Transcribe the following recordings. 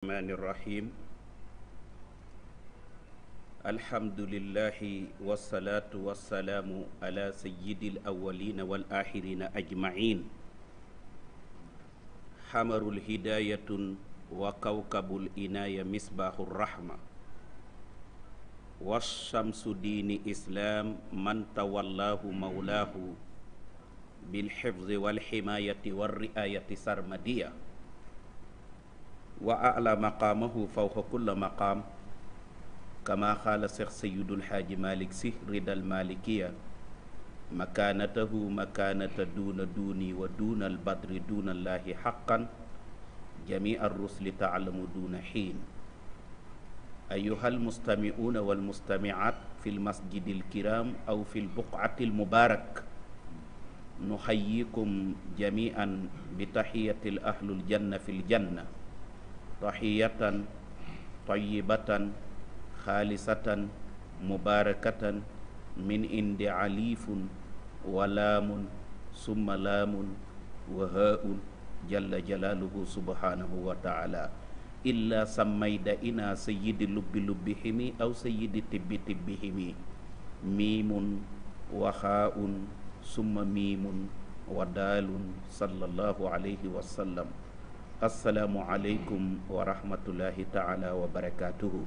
الرحمن الرحيم الحمد لله والصلاة والسلام على سيد الأولين والآخرين أجمعين حمر الهداية وكوكب الإناية مصباح الرحمة والشمس دين إسلام من تولاه مولاه بالحفظ والحماية والرعاية سرمدية wa ala maqaamahu fawqa kulla maqaam kama xaala seex sayidul xaaji malik si ridal malikiya makaanatahu makaanata duuna duuni wa duuna albadri duuna allaahi xaqan jamii arrusli taalamu duuna xiin ayuha almustamiuuna walmustamiaat fi lmasjidi alkiram aw fi lbuqati almubarak nuxayikum jamian bi taxiyati alahlu aljanna fi aljanna taxiyatan tayibatan xaalisatan mubarakatan min indi alifun wa laamun summa laamun wa haaun jalla jalaaluhu subhanahu wa taala illa sammayda ina sayidi lubbi lubbi himi aw sayidi tibbi tibbi himi miimun wa xaaun summa miimun wa daalun sallallahu alayhi wa sallam asalaamualeykum wa rahmatullahi taala wa barakaatuhu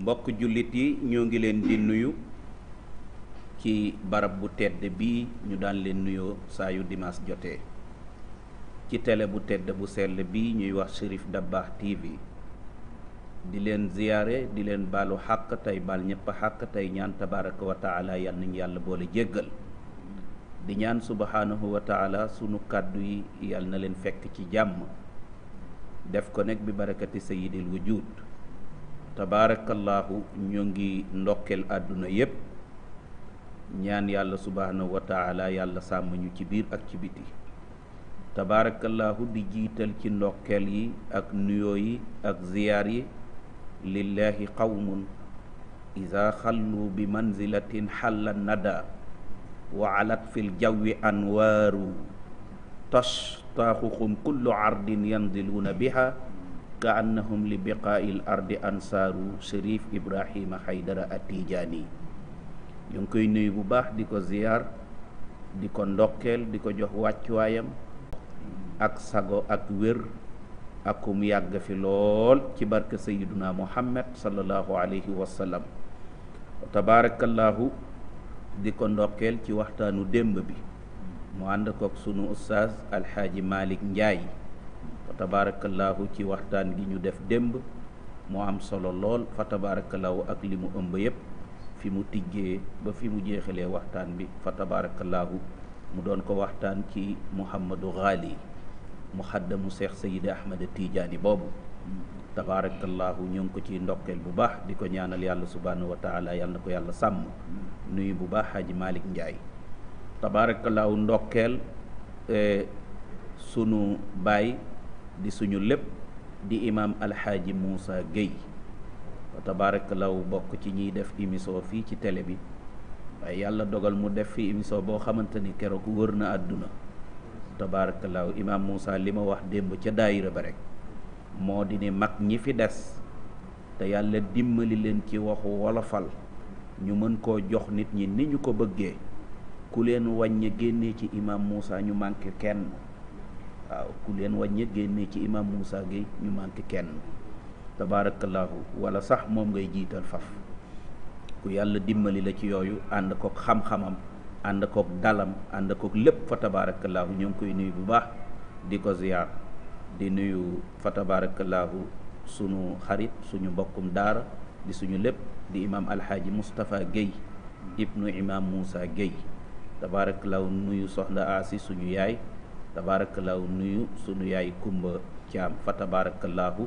mbokk jullit yi ñoo ngi leen di nuyu ci barab bu tedd bi ñu daan leen nuyoo saayu dimaas jotee ci tele bu tedd bu sell bi ñuy wax Chérif Dabakh TV di leen ziyaare di leen baalu xàq tey baal ñëpp xàq tey ñaan tabaraka wa taala yal nañu yàlla boole jéggal di ñaan subhanahu wa sunu kàddu yi yàlla na leen fekk ci jàmm def ko nekk bi barakati sayidil wujud tabaarakallaahu ñu ngi ndokkeel àdduna yépp ñaan yàlla subhanahu wa yàlla sàmm ñu ci biir ak ci biti tabaarakallaahu di jiital ci ndokkeel yi ak nuyoo yi ak ziyaar yi lillahi xawmu iza xallu bi manzilatin xalla nada waalat fil jawwi anwaaru tastaaxuhum kullu ardin yandiluuna biha ka annahum li biqaail ardi ansaaru Cherif Ibrahima Haydara Atijaani ñu ngi koy nuyu bu baax di ko ziyaar di ko ndokkeel di ko jox wàccuwaayam ak sago ak wér ak mu yàgg fi lool ci barke sayyiduna muhammad sallallahu alayhi wa sallam tabaarakallaahu di ko ndokkeel ci waxtaanu démb bi mu ànd kook sunu ustaas alxaaji Malick Ndiaye fa tabaarakallaahu ci waxtaan gi ñu def démb mu am solo lool fa tabaarakallaahu ak li mu ëmb yépp fi mu tijjee ba fi mu jeexalee waxtaan bi fa tabaarakallaahu mu doon ko waxtaan ci mu Mouhamadou mu muxaddamu Cheikh Sayid Ahmad Tijaani boobu tabaarakallaahu ñu ko ci ndokkeel bu baax di ko ñaanal yàlla subhaanahu wa taala yàlla ko yàlla sàmm nuyu bu baax Haji Malick Ndiaye tabaarakallaahu ndokkeel e, sunu baay di suñu lépp di imaam alxaaji Moussa Guèye tabaarakallaahu bokk ci ñuy def émission fii ci tele bi waaye yàlla dogal mu def fi émission boo xamante ni keroog wër na àdduna tabaarakallaahu imaam Moussa li ma wax démb ca daayira ba rek moo di ne mag ñi fi des te yàlla dimbali leen ci waxu wolofal ñu mën koo jox nit ñi ni ñu ko bëggee ku leen wàññi génnee ci imam Moussa ñu manqué kenn waaw leen wàññi génnee ci imam Moussa gi ñu manqué kenn tabaarakallaahu wala sax moom ngay jiital faf ku yàlla dimbali la ci yooyu ànd kook xam-xamam ànd kook dalam ànd kook lépp fa tabaarakallaahu ñu ngi koy nuyu bu baax di ko ziyaar di nuyu fa tabaarakallaahu sunu xarit suñu mbokkum daara di suñu lépp di imaam alxaaji Moustapha Guèye ibnu imaam Moussa Guèye tabaarakallaahu nuyu soxna Asi suñu yaay tabaarakallaahu nuyu suñu yaay Kumba Caam fa tabaarakallaahu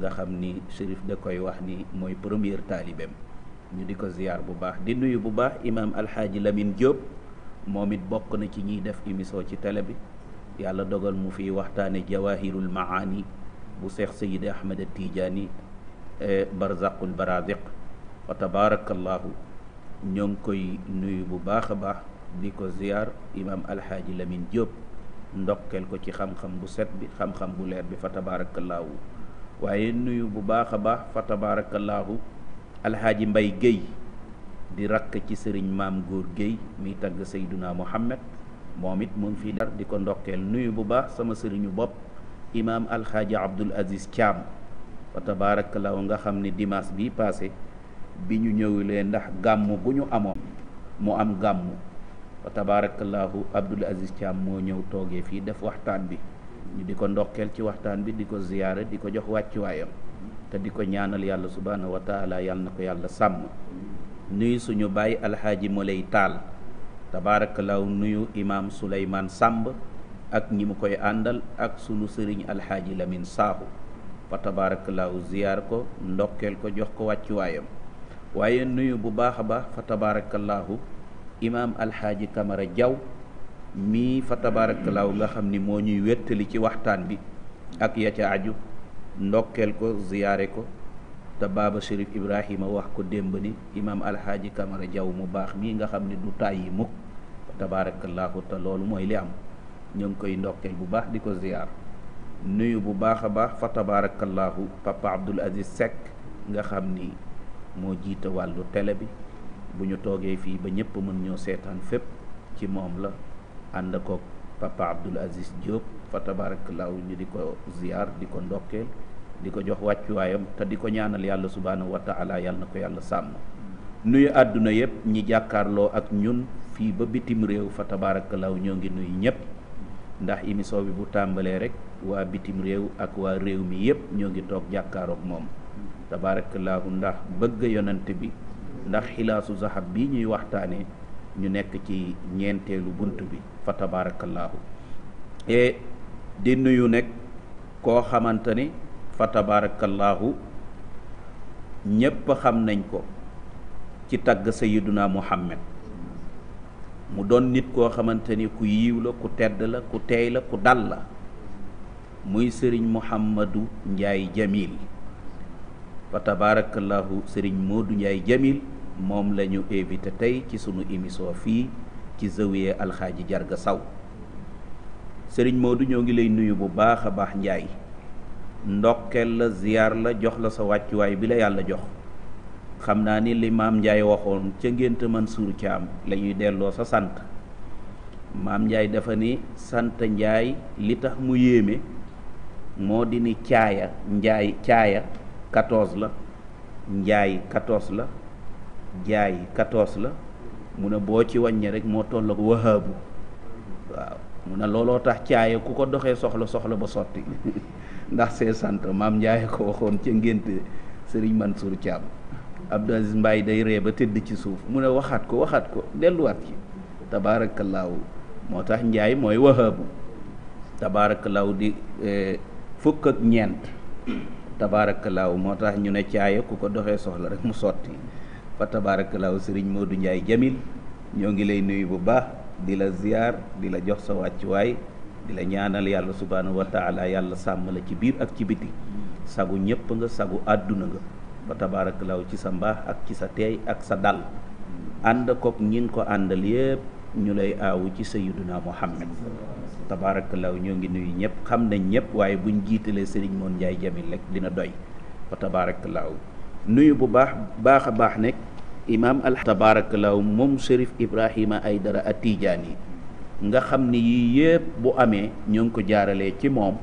nga xam ni shérif da koy wax ni mooy premier taalibeem ñu di ko ziyaar bu baax di nuyu bu baax imaam alxaaji Lamine Diop moom it bokk na ci ñuy def émission ci tele bi yàlla dogal mu fi waxtaane jawahirul maani bu seex sayid ahmed a tijaani e, barzaqul baraziq wa tabarakallahu ñoo ngi koy nuyu bu baax a baax di ko ziyaar imaam alxaaji lamin jóob ndokkeel ko ci xam-xam bu set bi xam-xam bu leer bi fa tabarakallahu waaye nuyu bu baax a baax fa tabarakallahu alxaaji mbay géy di rakk ci sëriñ maam góor géy miy tagg sayduna muhammad moom it mu ngi fii dar di ko ndokkeel nuyu bu baax sama sëriñu bopp imaam alxaaji abdul aziz caam wa nga xam ne dimaas bi passé bi ñu ñëwlee ndax gàmm gu ñu amoon mu am gàmm wa tabaarakallaahu abdul aziz caam moo ñëw toogee fii def waxtaan bi ñu di ko ndokkeel ci waxtaan bi di ko ziyaare di ko jox wàccuwaayam te di ko ñaanal yàlla subhaanahu wa taala yàlla na ko yàlla sàmm nuyu suñu bàyyi alxaaji mu lay taal tabaarakallaahu nuyu imaam Souleymane sàmb ak ñi mu koy àndal ak sunu sëriñ alxaaji lamin Saaxu fa tabaarakallaahu ziyaar ko ndokkeel ko jox ko wàccuwaayam waaye nuyu bu baax a baax fa tabaarakallaahu imaam alxaaji Kamara Jaw mii fa tabaarakallaahu nga xam ni moo ñuy wéttali ci waxtaan bi ak ya ca aju ndokkeel ko ziyaare ko te baaba Chérif Ibrahima wax ko démb ni imaam alxaaji Kamara Jaw mu baax mii nga xam ni du tàyyi mukk tabaarakallaahu te loolu mooy li am ñu ngi koy ndokkeel bu baax di ko ziyaar nuyu bu baax a baax fa tabaarakallaahu papa Abdoul Aziz Seck nga xam ni moo jiite wàllu tele bi bu ñu toogee fii ba ñëpp mën ñoo seetaan fépp ci moom la ànd koog papa Abdoul Aziz Diop fa tabaarakallaahu ñu di ko ziyaar di ko ndokkeel di ko jox wàccuwaayam te di ko ñaanal yàlla subhaanahu wa taala yàlla ko yàlla sàmm mm. nuyu àdduna yëpp ñi jàkkaarloo ak ñun fii ba bitim réew fa tabaarakallaaw ñoo ngi nuyu ñëpp ndax émission bi bu tàmbalee rek waa bitim réew ak waa réew mi yépp ñoo ngi toog jàkkaaroog moom tabaarakallaahu ndax bëgg yonent bi ndax xilaasu zahab bii ñuy waxtaane ñu nekk ci ñeenteelu bunt bi fa tabaarakallaahu e di nuyu nekk koo xamante ni fa tabaarakallaahu ñépp xam nañ ko ci tagg sayiduna muhammad mu doon nit koo xamante ni ku yiw la ku tedd la ku teey la ku dal la muy sëriñ Mouhamadou njaay Jamil fa tabarakallahu sëriñ Modou Ndiaye Jamil moom lañu ñu tey ci sunu émission fii ci zawiya alxaaji Jarga Saw sëriñ moodu ñoo ngi lay nuyu bu baax a baax Ndiaye ndokkeel la ziyaar la jox la sa wàccuwaay bi la yàlla jox xam naa ni li maam Ndiaye waxoon ca ngént Mansour Thiam la lañuy delloo sa sant maam njaay dafa ni sant njaay li tax mu yéeme moo di ni caaya Ndiaye caaya 14 la njaay 14 la Ndiaye 14 la mu ne boo ci wàññi rek moo toll ak wahaabu waaw mu ne looloo tax caaya ku ko doxee soxla soxla ba sotti ndax see sant maam Ndiaye ko waxoon ca ngénte Serigne Mansour Thiam. Abdou Aziz Mbaye day ree ba tëdd ci suuf mu ne waxaat ko waxaat ko delluwaat ci tabaarakallaahu moo tax njaay mooy wahaabu tabaarakallaahu di eh, fukk ak ñeent tabaarakallaahu moo tax ñu ne caaya ku ko doxee soxla rek mu sotti fa tabaarakallaahu sëriñ du Njaay Jamil ñoo ngi lay nuyu bu baax di la ziyaar di la jox sa wàccuwaay di la ñaanal yàlla subhaanahu wa taala yàlla sàmm la ci biir ak ci biti sagu ñépp nga sagu àdduna nga fa law ci sa mbaax ak ci sa teey ak sa dal ànd koog ñin ko àndal yëpp ñu lay aawu ci sayyiduna muhammad law ñoo ngi nuyu ñëpp xam nañ ñëpp waaye buñ jiitalee sëriñ moon njaay jamil lekk dina doy fa tabaarakallaahu nuyu bu baax baax a baax nekk imaam al tabaarakallaahu moom sërif ibrahima aydara atiijaan yi nga xam ni yii yëpp bu amee ñoo ngi ko jaaralee ci moom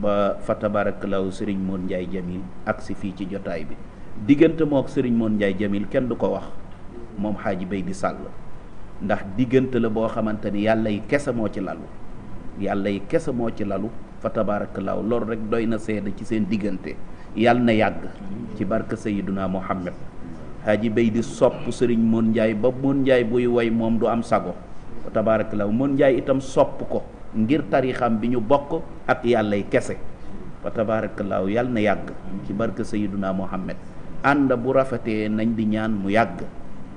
ba fa tabarakallahu sëriñ Moon Njaay Jamil agsi fii ci jotaay bi diggante moo ak sëriñ Moon Njaay Jamil kenn du ko wax moom xaaji bay di sàll ndax diggante la boo xamante ni yàlla yi kese moo ci lalu yàlla yi kese moo ci lalu fa tabarakallahu loolu rek doy na seede ci seen diggante yàlla na yàgg ci barke naa Muhammad xaaji bay di sopp sëriñ Moon Njaay ba Moon Njaay buy woy moom du am sago fa tabarakallahu Moon Njaay itam sopp ko ngir tarixam bi ñu bokk ak yàllay kese fa tabaarakallaahu yàlla na yàgg ci barke sayiduna muhammad ànd bu rafetee nañ di ñaan mu yàgg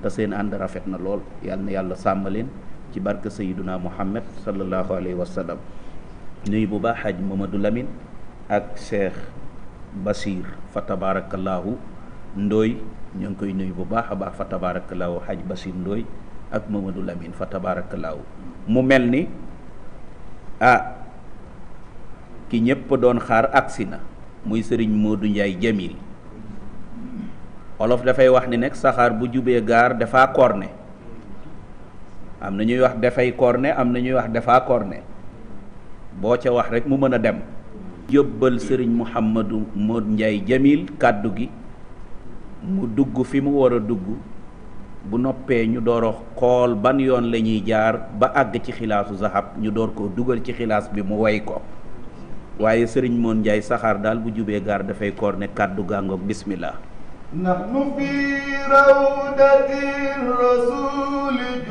te seen ànd rafet na lool yàlla na yàlla sàmm leen ci barke sayiduna muhammad sallallahu alayhi wa sallam nuyu bu baax xaj Mamadou Lamine ak Cheikh Basir fa tabaarakallaahu ndooy ñu ngi koy nuyu bu baax a baax fa tabaarakallaahu xaj Basir ndooy ak Mamadou Lamine fa tabaarakallaahu mu mel ni a ah, ki ñépp doon xaar agsi na muy sëriñ Modou Ndiaye Jamil olof dafay wax ni nekk saxaar bu jubee gaar dafa korne am na ñuy wax dafay korne am na ñuy wax dafa korne boo ca wax rekk mu mën a dem yóbbal sëriñ Mouhamadou Modou Ndiaye Jamil kàddu gi mu dugg fi mu war a dugg bu noppee ñu door xool ban yoon lañuy jaar ba àgg ci xilaasu zahab ñu door ko dugal ci xilaas bi mu woy ko waaye sëriñ moon njaay saxaar daal bu jubee gaar dafay koor ne kàddu gàngoog bismillah nahnu fi fi rawdati rasuli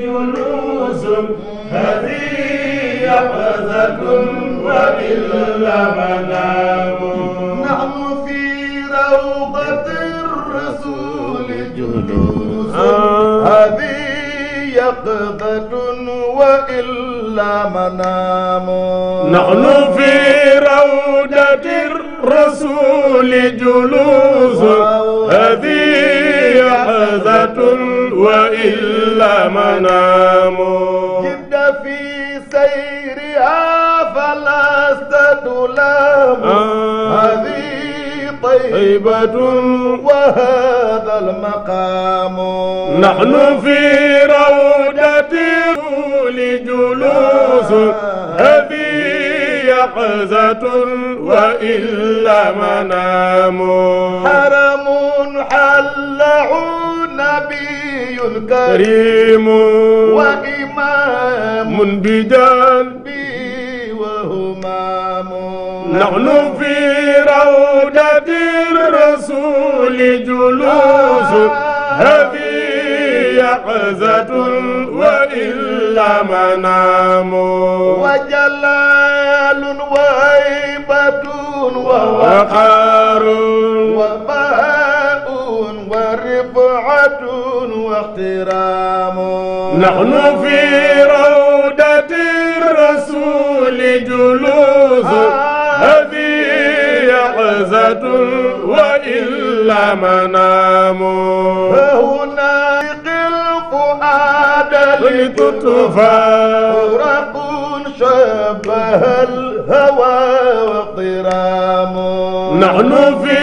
julusun الحزن هذه يقظة وإلا منام نحن في روضة الرسول جلوس هذه يقظة وإلا منام نحن في روضة الرسول جلوس هذه يقظة وإلا منام جد في سيرها فلست تلام هذه طيبة وهذا المقام نحن في روضة لجلوس هذه يقظة وإلا منام حرم حل نبي كريم وإمام بجانبي وهمام نحن في روضة الرسول جلوس هذه يقظة وإلا منام وجلال وهيبة ووقار وبهاء بضعة واحترام نحن في روضة الرسول جلوس هذه يعزة وإلا منام فهنا الفؤاد لتطفى رب شبه الهوى وقرام نحن في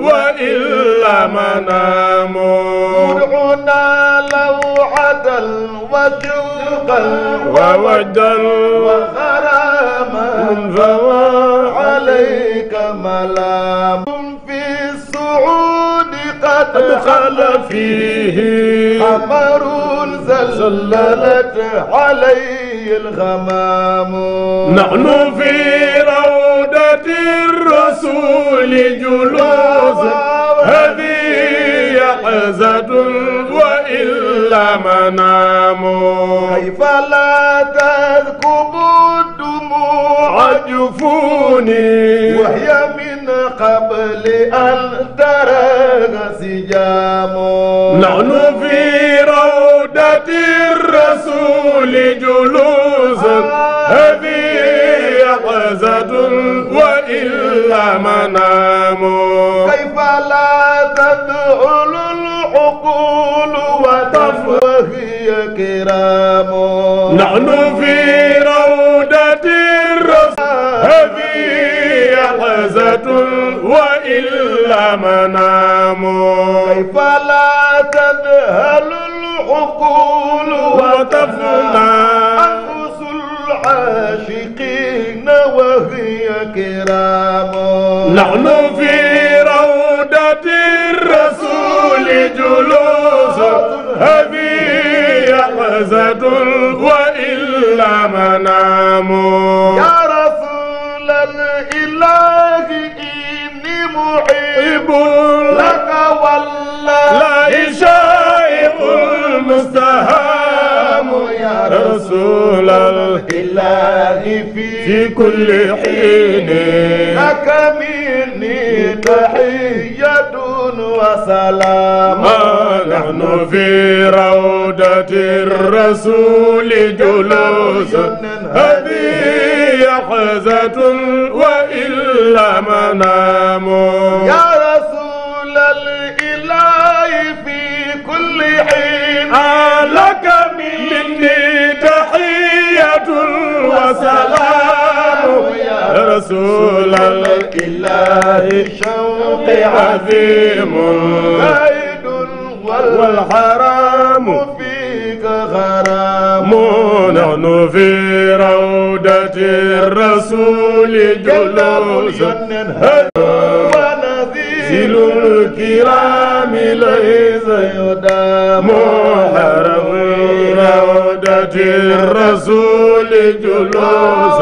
وإلا منام مدعنا لوحة وشوقا ووجدا وغراما فوا عليك ملام في السعود قد خل فيه قمر زللت عليه الغمام نحن في روح عودة الرسول جلوس هذه يحزة وإلا منام كيف لا تذكب الدموع جفوني وهي من قبل أن ترى سجام نحن في روضة الرسول جلوس هذه يحزة لا منام كيف لا تدعل العقول وتفهي كرام نحن في روضة الرسول هذه حزة وإلا منام كيف لا تدهل العقول وتفنى العاشقين وهي كرام نحن في روضة الرسول جلوس هذه يقظة وإلا منام يا رسول الإله إني محب لك والله رسول الإله في كل حين لك مني تحية وسلام نحن في روضة الرسول جلوس هذه يحزة وإلا منام يا وسلام يا رسول الإله شوقي عظيم زيد والحرام فيك غرام نحن في روضة الرسول جلوس ونذير الكرام ليس يدام عودة الرسول جلوس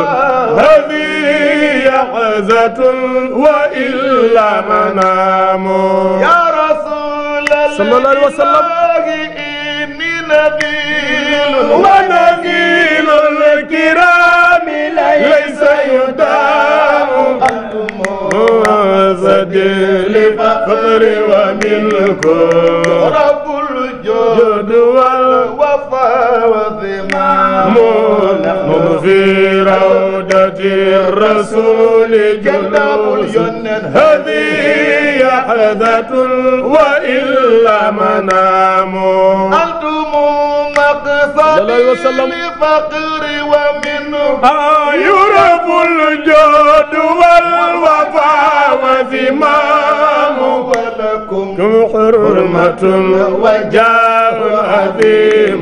هذه يحزة وإلا منام يا رسول صلى الله عليه وسلم إني نبيل ونبيل الكرام ليس يدام المعزد لفخر وملك رب الجود والوفا وذمام نحن في روضة الرسول كتاب الجنة هذه حدث وإلا منام أنتم مقصدي لفقر ومنه يرب الجود والوفا وذمام لكم حرمة وجاه عظيم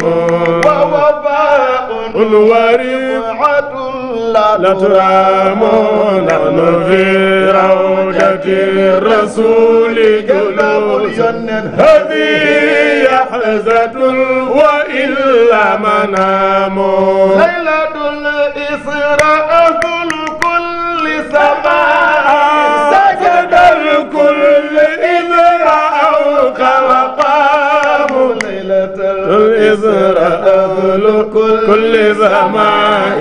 ووفاء ورفعة لا ترام نحن في روضة الرسول هذه يحزة وإلا منام ليلة الإسراء الوزر أهل كل سماء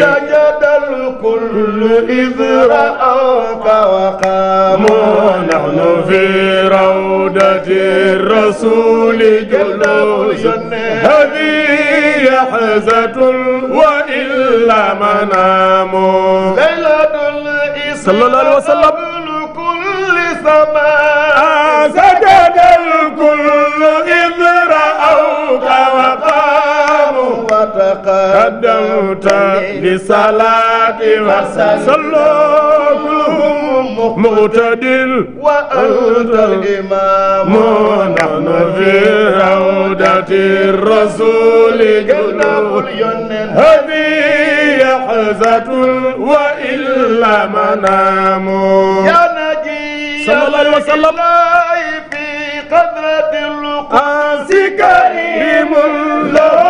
سجد الكل إذ رأوك وقاموا نحن في روضة الرسول جلوس هذه حزة وإلا منام ليلة الإسلام صلى الله عليه وسلم قدمت لصلاة وصلوا كلهم مقتدل وأنت الإمام نحن في روضة الرسول قلنا هذه حزة وإلا منام يا نجي صلى الله عليه وسلم في قدرة القاس كريم الله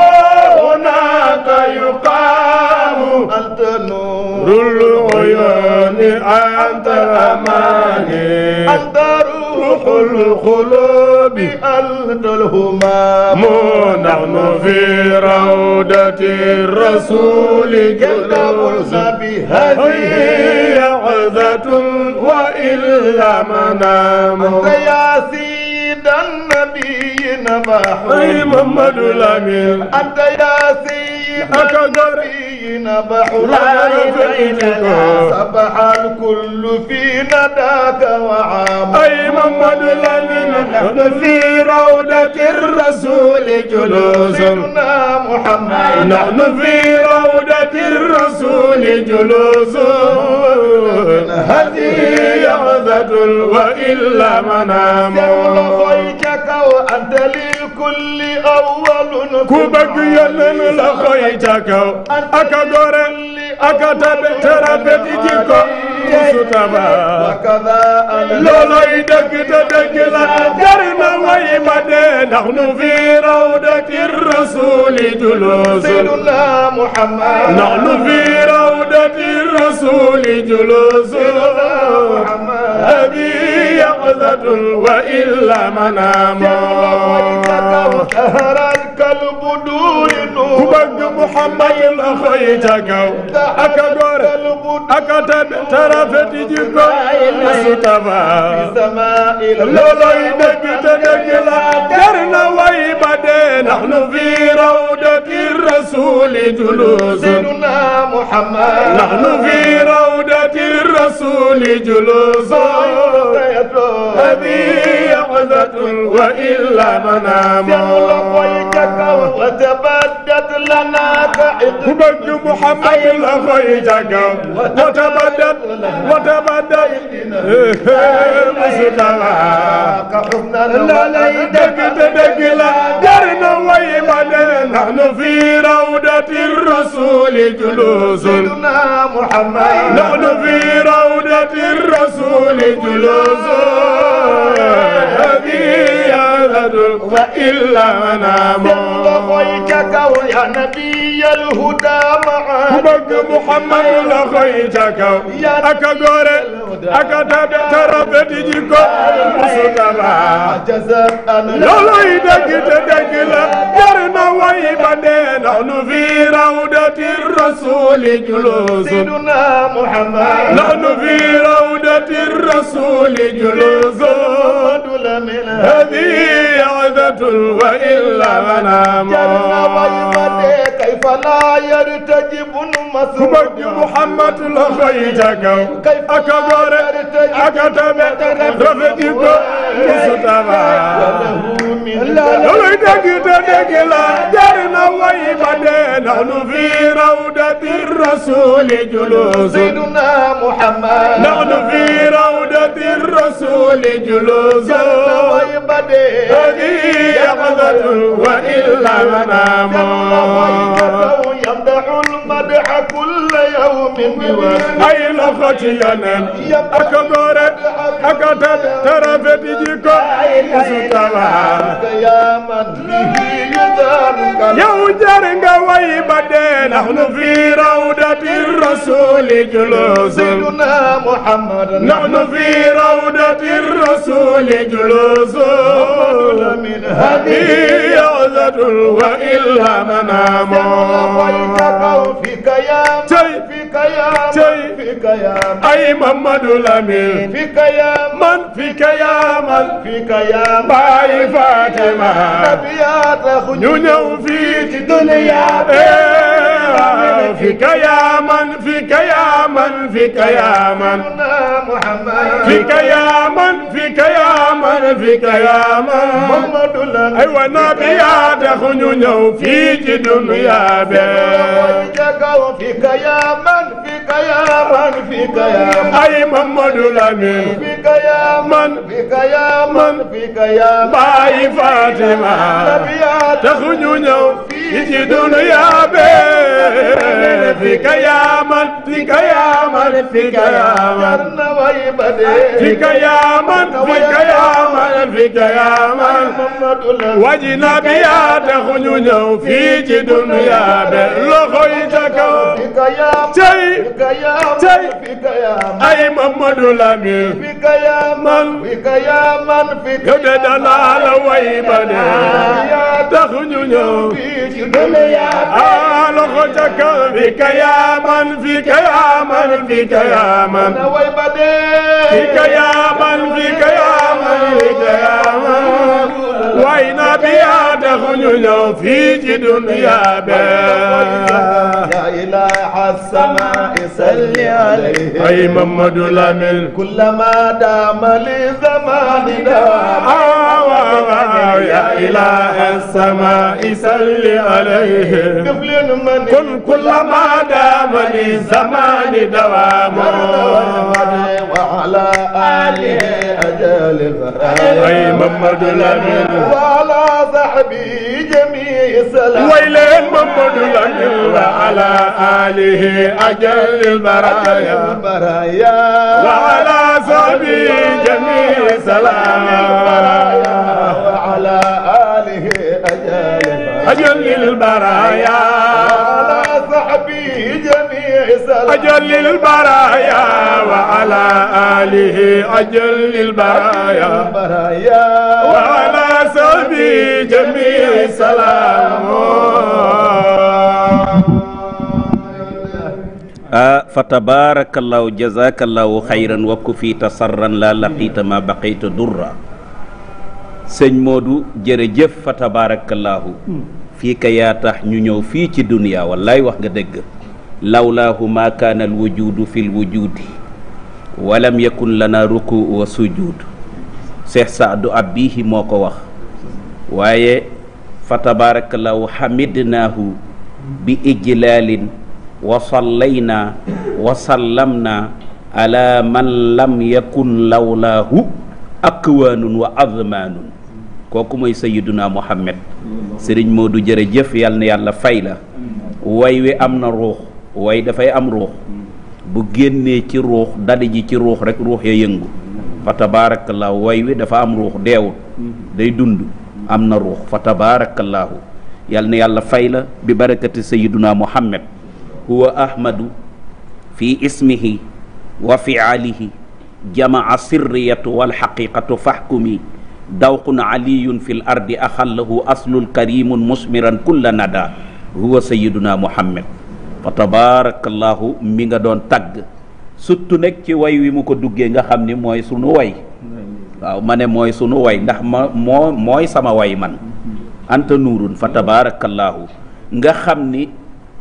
يقام أنت نور العيون أنت أماني أنت روح القلوب أنت الهمام نحن في روضة الرسول جل مرسى بهذه عزة وإلا منام أنت يا سيد النبي نبح محمد الأمير أنت يا سيد أكغرين بحر فيتك سبح الكل في نداك وعام أي محمد لمن نحن في روضة الرسول جلوس محمد نحن في روضة الرسول جلوس هذه يعذة وإلا منام سر وأنت للوحيد الكل أول كوبك يلن لخيتك أكدور أكتب تربت جيكو سوتما لولوي دك تدك لا جرنا ويمد نحن في روضة الرسول جلوس سيدنا محمد نحن في روضة الرسول جلوس سيدنا محمد قبضة وإلا منام سهر الكلب دور نور محمد أخيتك أكدور أكتب ترفت جبا مصطفى لولي دك تدك لا كرنا ويبدي نحن في روضة الرسول جلوس سيدنا محمد نحن في روضة الرسول جلوس أبي عزة وإلا منام بدت لنا حبك محمد الأخي جاكا وتبدت وتبدت مصطفى لليتك تدقلا درنا ويبدا نحن في روضة الرسول جلوس محمد نحن في روضة الرسول جلوس وإلا أنام لغيتك ويا نبي الهدى معاك بك محمد لغيتك أكدور أكدر تربت جيكو مصطفى لغيتك تدكلا يرنا ويبدينا نفي روضة الرسول جلوس سيدنا محمد نحن في روضة الرسول جلوس القول من هذه عدة وإلا منام كيف لا يرتجب المسجد محمد لخيتك أكبر أكتم رفجك مصطفى لويتك تدك لا جرنا ويبدنا في روضة الرسول جلوس سيدنا محمد نحن في روضة بالرسول جلوسا هذه يقظة وإلا منام يمدح المدح كل يوم أي لفت ينام أكبرت أكتت ترفت جيكو مستوى yow jar nga way ba dee ndax nu fi rawdati rasuli julusun ndax nu fi روضة الرسول جلوس من هذه يعزة وإلا منام فيك يا فيك يا فيك يا أي محمد الأمين فيك يا من فيك يا من فيك يا باي فاطمة نبيات خنيو في دنيا فيك يا من فيك يا من فيك يا من محمد فيك يا من فيك يا من فيك يا من محمد الله أيوة نبي دخل نيو فيك دنيا بي فيك يا من فيك بك يا من فيك يا من أي محمد الأمين بك يا من بك يا من بك يا باي فاطمة تخرجون يجدون يا بي فيك يا من فيك يا من فيك يا من فيك يا من فيك يا من فيك يا من وجنا بيا تخرجون في جدون يا بي لو خيتك يا من ay Mamadou Lamine man yow de danaa la way ba ne tax ñu ñëw ah loxo ca kaw fi ka yaa man fi ka yaa man fi ka yaa man fi ka yaa man fi ka yaa man fi ka yaa man way na bi yaa tax ñu ñëw fii ci dunya be yaa ilaaha samaa صل عليه أي محمد الأمين كلما دام لزماننا يا إله السماء صل عليه كن كلما دام لزمان دوامه وعلى آله أجل الفراغ أي محمد الأمين وعلى صحبه جميع سلام ويلين محمد الأمين وعلى آله أجل للبرايا وعلى صحبه جميع سلام وعلى آله أجل أجل للبرايا وعلى صحبه جميع سلام أجل للبرايا وعلى آله أجل للبرايا وعلى صحبه جميع سلام ah fa tabaarakallaahu jazaakallaahu xayran wa ku fii tasarran laa laqiita ma baqayta durra sëñ Modou jërëjëf fa tabaarakallaahu hmm. fii yaa tax ñu ñëw fii ci duniyaa wallaay wax nga dëgg lawlaahu maa kaana al wujuudu fi l wujuudi walam yakun lana ruku wa sujuud Cheikh Saadu Abihi moo ko wax waaye fa tabaarakallaahu xamidnaahu bi ijlaalin wa sallayna wa sallamna lam yakun lawlaahu akwaanun wa azmaanun kooku mooy sayiduna muhammad sëriñ Moodu jëf yal na yàlla fay la way wi am na ruux way dafay am ruux bu génnee ci ruux dali ji ci ruux rek ruux ya yëngu fa tabaarakallaahu way wi dafa am ruux deewul day dund am na ruux fa tabaarakallaahu yal na yàlla fay la bi barakati sayiduna muhammad huwa ahmadu fi ismihi wa fialihi jamaa sirriyatu walxaqiqatu fahkumi dawqun aliyun fi l ardi axallahu aslun karimun musmiran kulla nada huwa sayiduna muhammad fa tabarakallahu mi nga doon tagg surtout nag ci way wi mu ko duggee nga xam ni mooy sunu way waaw ma ne mooy sunu way ndax ma moo mooy sama way man anta nuurun fa tabarakallahu nga xam ni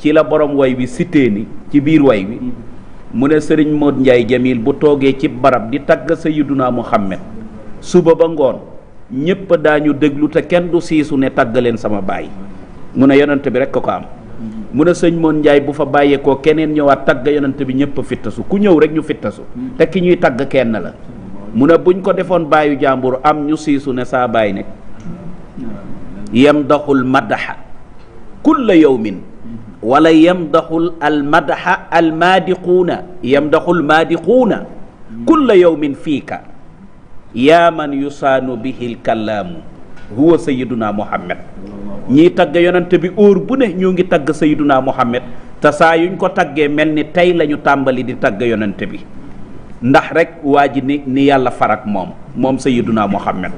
ci la borom way wi cité ci biir way wi mu ne sëriñ Modou Ndiaye Jamil bu toogee ci barab di tagg Sayyiduna Muhammad suba ba ngoon ñépp daañu déglu te kenn du siisu ne tagg leen sama baay mu ne yonent bi rek ko ko am mu ne sëñ Modou Ndiaye bu fa bàyyeekoo keneen ñëwaat tagg yonent bi ñépp fittasu ku ñëw rek ñu fittasu te ki ñuy tagg kenn la mu ne buñ ko defoon baayu jàmbur am ñu siisu ne saa baay ne yem doxul madaxa kulla yawmin wala yamdaxu almadaxa almaadiquuna yamdaxu almaadiquuna kulla yawmin fiika yaa man yusaanu bihi lkallaamu huwa sayiduna muhammad ñii tagg yonent bi óor bu ne ñu ngi tagg sayiduna muhammad te saa yuñ ko taggee mel ni tey lañu tàmbali di tagg yonent bi ndax rekk waa ji ni ni yàlla farak moom moom sayiduna muhammad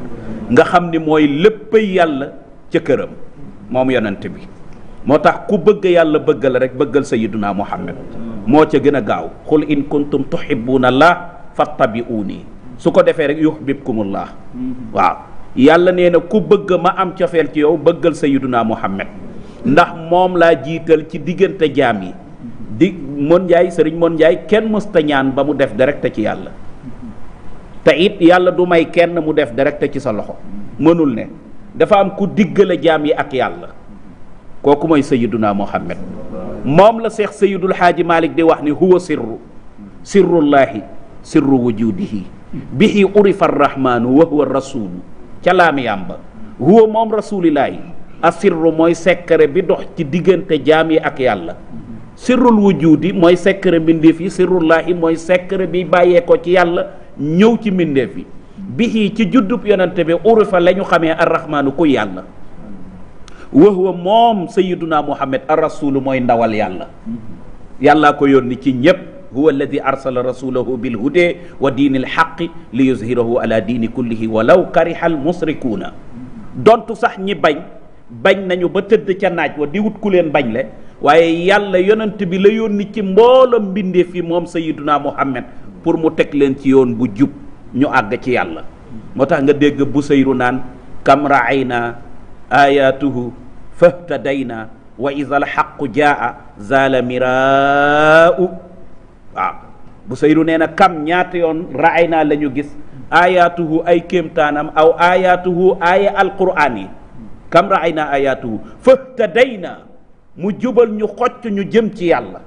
nga xam ni mooy léppay yàlla ca këram moom yonent bi moo tax ku bëgg yàlla la rek bëggal sayyiduna muhammad moo ca gën a gaaw xul in kuntum tuhibbuuna allah fattabi'uuni su ko defee rek yuhbibkumullah waaw yàlla nee na ku bëgg ma am cofeel ci yow bëggal sayyiduna muhammad ndax moom laa jiital ci diggante jaam yi di Mon Njaay sëriñ Mon Njaay kenn mësta ba mu def direct ci yàlla te it yàlla du may kenn mu def direct ci sa loxo mënul ne dafa am ku diggale jaam yi ak yàlla kooku mooy sayiduna muhammad moom la seex sayidul xaaji malik di wax ni huwa sirru sirrullaahi sirru wujudihi bihi urifa arrahmaanu wa huwa rasulu ca laam yàmba huwa moom rasulillaahi asirru mooy sekkare bi dox ci diggante jaam yi ak yàlla sirrul wujudi mooy sekkare mbindeef yi sirrullaahi mooy sekkare bi bàyyeekoo ci yàlla ñëw ci mbindeef yi bihi ci juddub yonente bi urifa la ñu xamee arrahmaanu ku yàlla wa moom sayyiduna muhammad ar rasulu mooy ndawal yàlla yàllaa ko yónni ci ñëpp huwa alladi arsala rasulahu bil hude wa diini alxaqi li yuzhirahu ala diini kullihi walaw kariha al musrikuuna dontu sax ñi bañ bañ nañu ba tëdd ca naaj wa di wut ku leen bañ le waaye yàlla yonent bi la yoon yónni ci mboolo mbindeef fii moom sayyiduna muhammad pour mu teg leen ci yoon bu jub ñu àgg ci yàlla moo tax nga dégg bu sayru naan kam raayna ayatuhu fahtadayna wa izal xaqu jaa zaala miraau waaw bu sayru nee na kam ñaata yoon raay la ñu gis ayatuhu ay kéemtaanam aw ayatuhu aaya alquraan yi kam raay naa ayatuhu mu jubal ñu xocc ñu jëm ci yàlla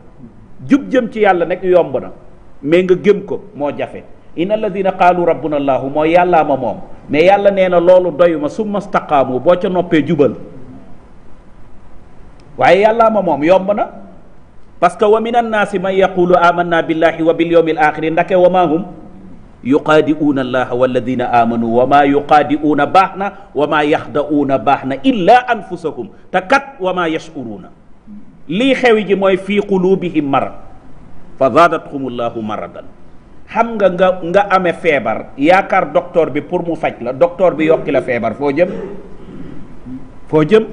jub jëm ci yàlla nag yomb na mais nga gëm ko moo jafe in alladina qaalu rabbuna allahu mooy yàllaa ma moom mais yàlla nee na loolu doyuma summa staqaamu boo ca noppee jubal waaye yàllaa ma moom yomb na parce que wa min annaasi man yaqulu amanna billahi wa bil yawmil axiri ndake wa maa hum yuqaadi'uuna allaha walladina amanu wa maa yuqaadi'uuna baax na wa maa yaxda'uuna baax na illa anfusahum te kat wa maa yash'uruuna lii xewi ji mooy fii quluubihim marad fa zaadathum allahu maradan xam nga nga nga amee feebar yaakaar docteur bi pour mu faj la docteur bi yokki la feebar foo jëm foo jëm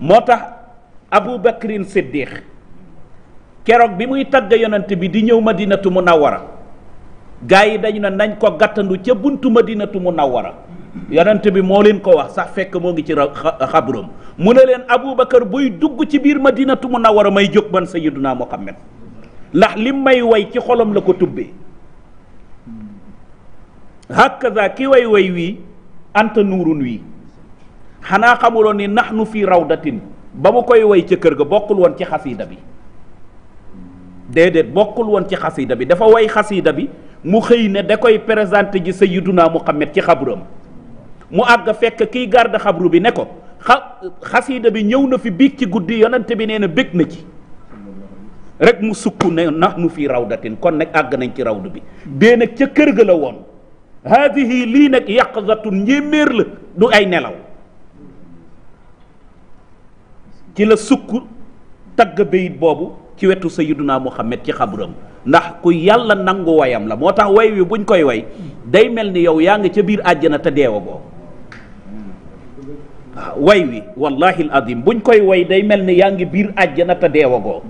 moo tax abu bakrin siddiq keroog bi muy tagg yonent bi di ñëw ma madinatu munawwara gaa yi dañu ne nañ ko gàttandu ca buntu madinatu munawwara yonent bi moo leen ko wax sax fekk moo ngi ci xabroom mu ne leen abubakar buy dugg ci biir ma madinatu munawwara may jóg man sayyiduna muhammad ndax lim may way ci xolom la ko tubbe hakaza ki woy woy wii anta nuurun wii xanaa xamuloon ni nahnu fii rawdatin ba mu koy way ca kër ga bokkul woon ci xasiida bi déedéet bokkul woon ci xasiida bi dafa way xasiida bi mu xëy ne da koy présenté ji mu Muhammad ci xabram mu àgg fekk kiy garde xabru bi ne ko xa xasiida bi ñëw na fi biig ci guddi yonent bi nee na bég na ci rekk mu sukk ne nax nu fii rawdatin kon nag àgg nañ ci rawdu bi bee nag ca kër ga la woon haadihi lii nag yaqzatun njéeméer la du ay nelaw ci la sukk tagg bayit boobu ci wetu sayyiduna Muhammad ci xabram ndax ku yàlla nangu wayam la moo tax way wi buñ koy way day mel ni yow yaa ngi ca biir àjjana te deewagoo way wi wallahi al azim buñ koy woy day mel ni yaa ngi biir àjjana te deewagoo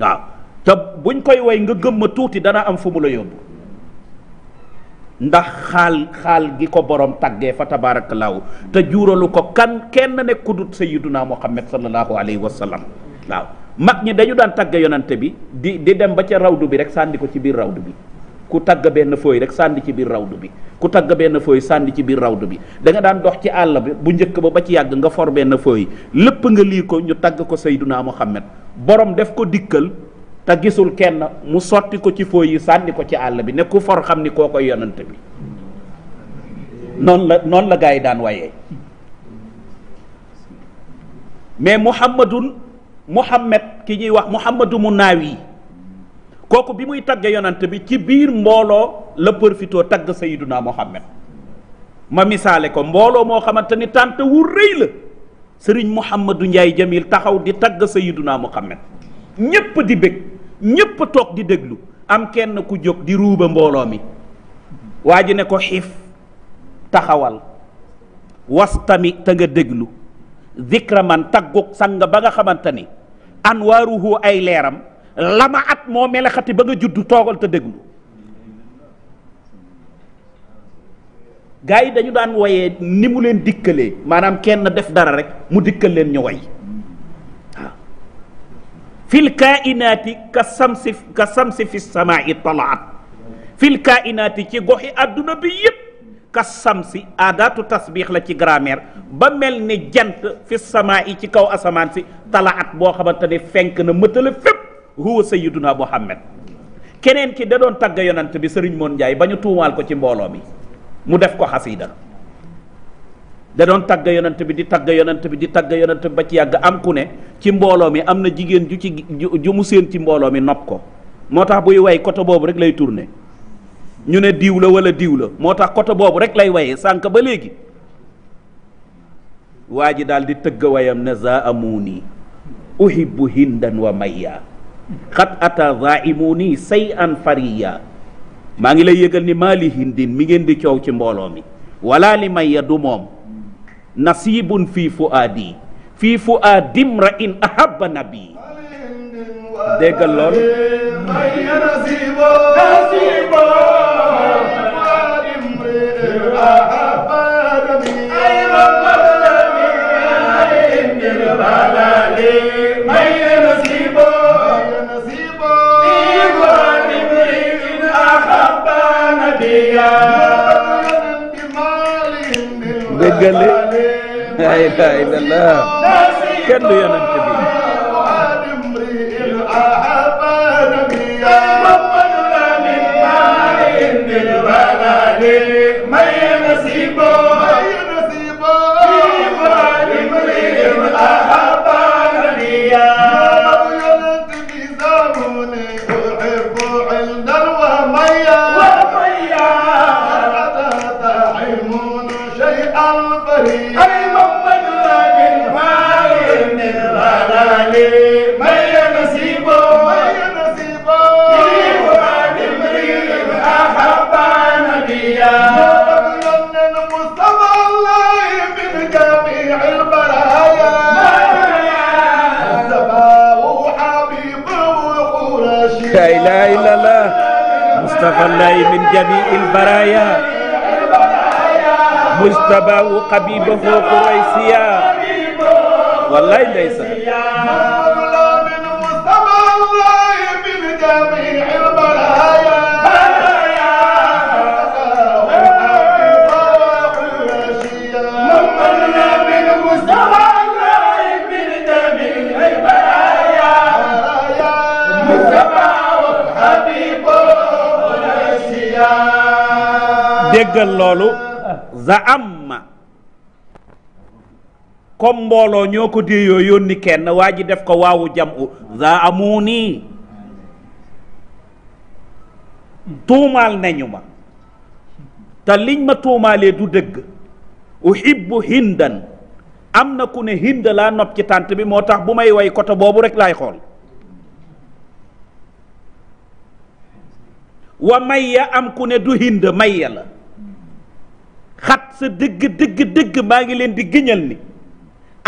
waaw te buñ koy woy nga gëm ma tuuti dana am fu mu la yóbbu ndax xaal xaal gi ko boroom tàggee fa tabaarakallaahu te juuralu ko kan kenn nekkudut sayyiduna muhammad sallallahu alayhi wa sallam waaw mag ñi dañu daan tagg yonante bi di di dem ba ca rawdu bi rek sànni ko ci biir rawdu bi ku tagg benn fooy rek sànni ci biir rawdu bi ku tagg benn fooy sànni ci biir rawdu bi da daan dox ci àll bi bu njëkk ba ba ci yàgg nga for benn fooy lépp nga lii ko ñu tagg ko sayyiduna muhammad borom def ko dikkal te gisul kenn mu sotti ko ci foo yi sànni ko ci àll bi ne ku for xam ni koo koy yonant bi noonu la noonu la gaa yi daan wayee mais muhammadun muhammad ki ñuy wax muhammadu mu naaw yi kooku bi muy tagg yonant bi ci biir mbooloo la profitoo tagg sayiduna muhammad ma misaale ko mbooloo moo xamante ni tànt wu rëy la sëriñ Mouhamadou Ndiaye Jamil taxaw di tagg Sayyiduna Muhammad ñépp di bég ñépp toog di déglu am kenn ku jóg di ruuba mbooloo mi waa ji ne ko xiif taxawal wastami te nga déglu zikra man tagguk sanga ba nga xamante ni anwaaruhu ay leeram lama at moo melaxati ba nga juddu toogal te déglu gars yi dañu daan woye ni mu leen dikkalee maanaam kenn def dara rek mu dikkal leen ñu way waaw fil kainaati ka samsi ka samsi fi samaa'i talaat fil kainaati ci goxi àdduna bi yëpp ka aadaatu tasbiix la ci grammaire ba mel ni jant fi i ci kaw asamaan si talaat boo xamante ne fenk na mëtale fépp huwa sayyiduna muhammad keneen ki da doon tagg yonant bi sëriñ moon njaay ba ñu tuumaal ko ci mbooloo mi mu def ko xasida da doon tagg yonent bi di tagg yonent bi di tagg yonent bi ba ci yàgg am ku ne ci mbooloo mi am na jigéen ju ci ju mu séen ci mbooloo mi nopp ko moo tax buy way côté boobu rek lay tourné ñu ne diw la wala diw la moo tax côté boobu rek lay wayee sànq ba léegi waa ji daal di tëgg wayam ne za amuuni uhibbu hindan wa mayya xat ata za imuuni say an fariya maa ngi lay yëgal ni maali hindin mi ngeen di coow ci mbooloo mi wala li may ya du moom nasibun fii fuaadi fii fuaadi imrain ahabba nabi déggal lool àggale la ilaha illallah kenn du yonent bi Yeah. مصطفى الله من جميع البرايا مجتباه قبيبه قريسيا والله ليس déggal loolu zaamma comme mbooloo ñoo ko déeyoo yónni kenn waa ji def ko waawu jam u zaamu nii tuumaal nañu ma te liñ ma tuumaalee du dëgg uhibbu hindan am na ku ne hind laa nopp ci tànt bi moo tax bu may way côté boobu rek laay xool wa may am ku ne du hind may la sa dëgg dëgg dëgg maa ngi leen di gëñal ni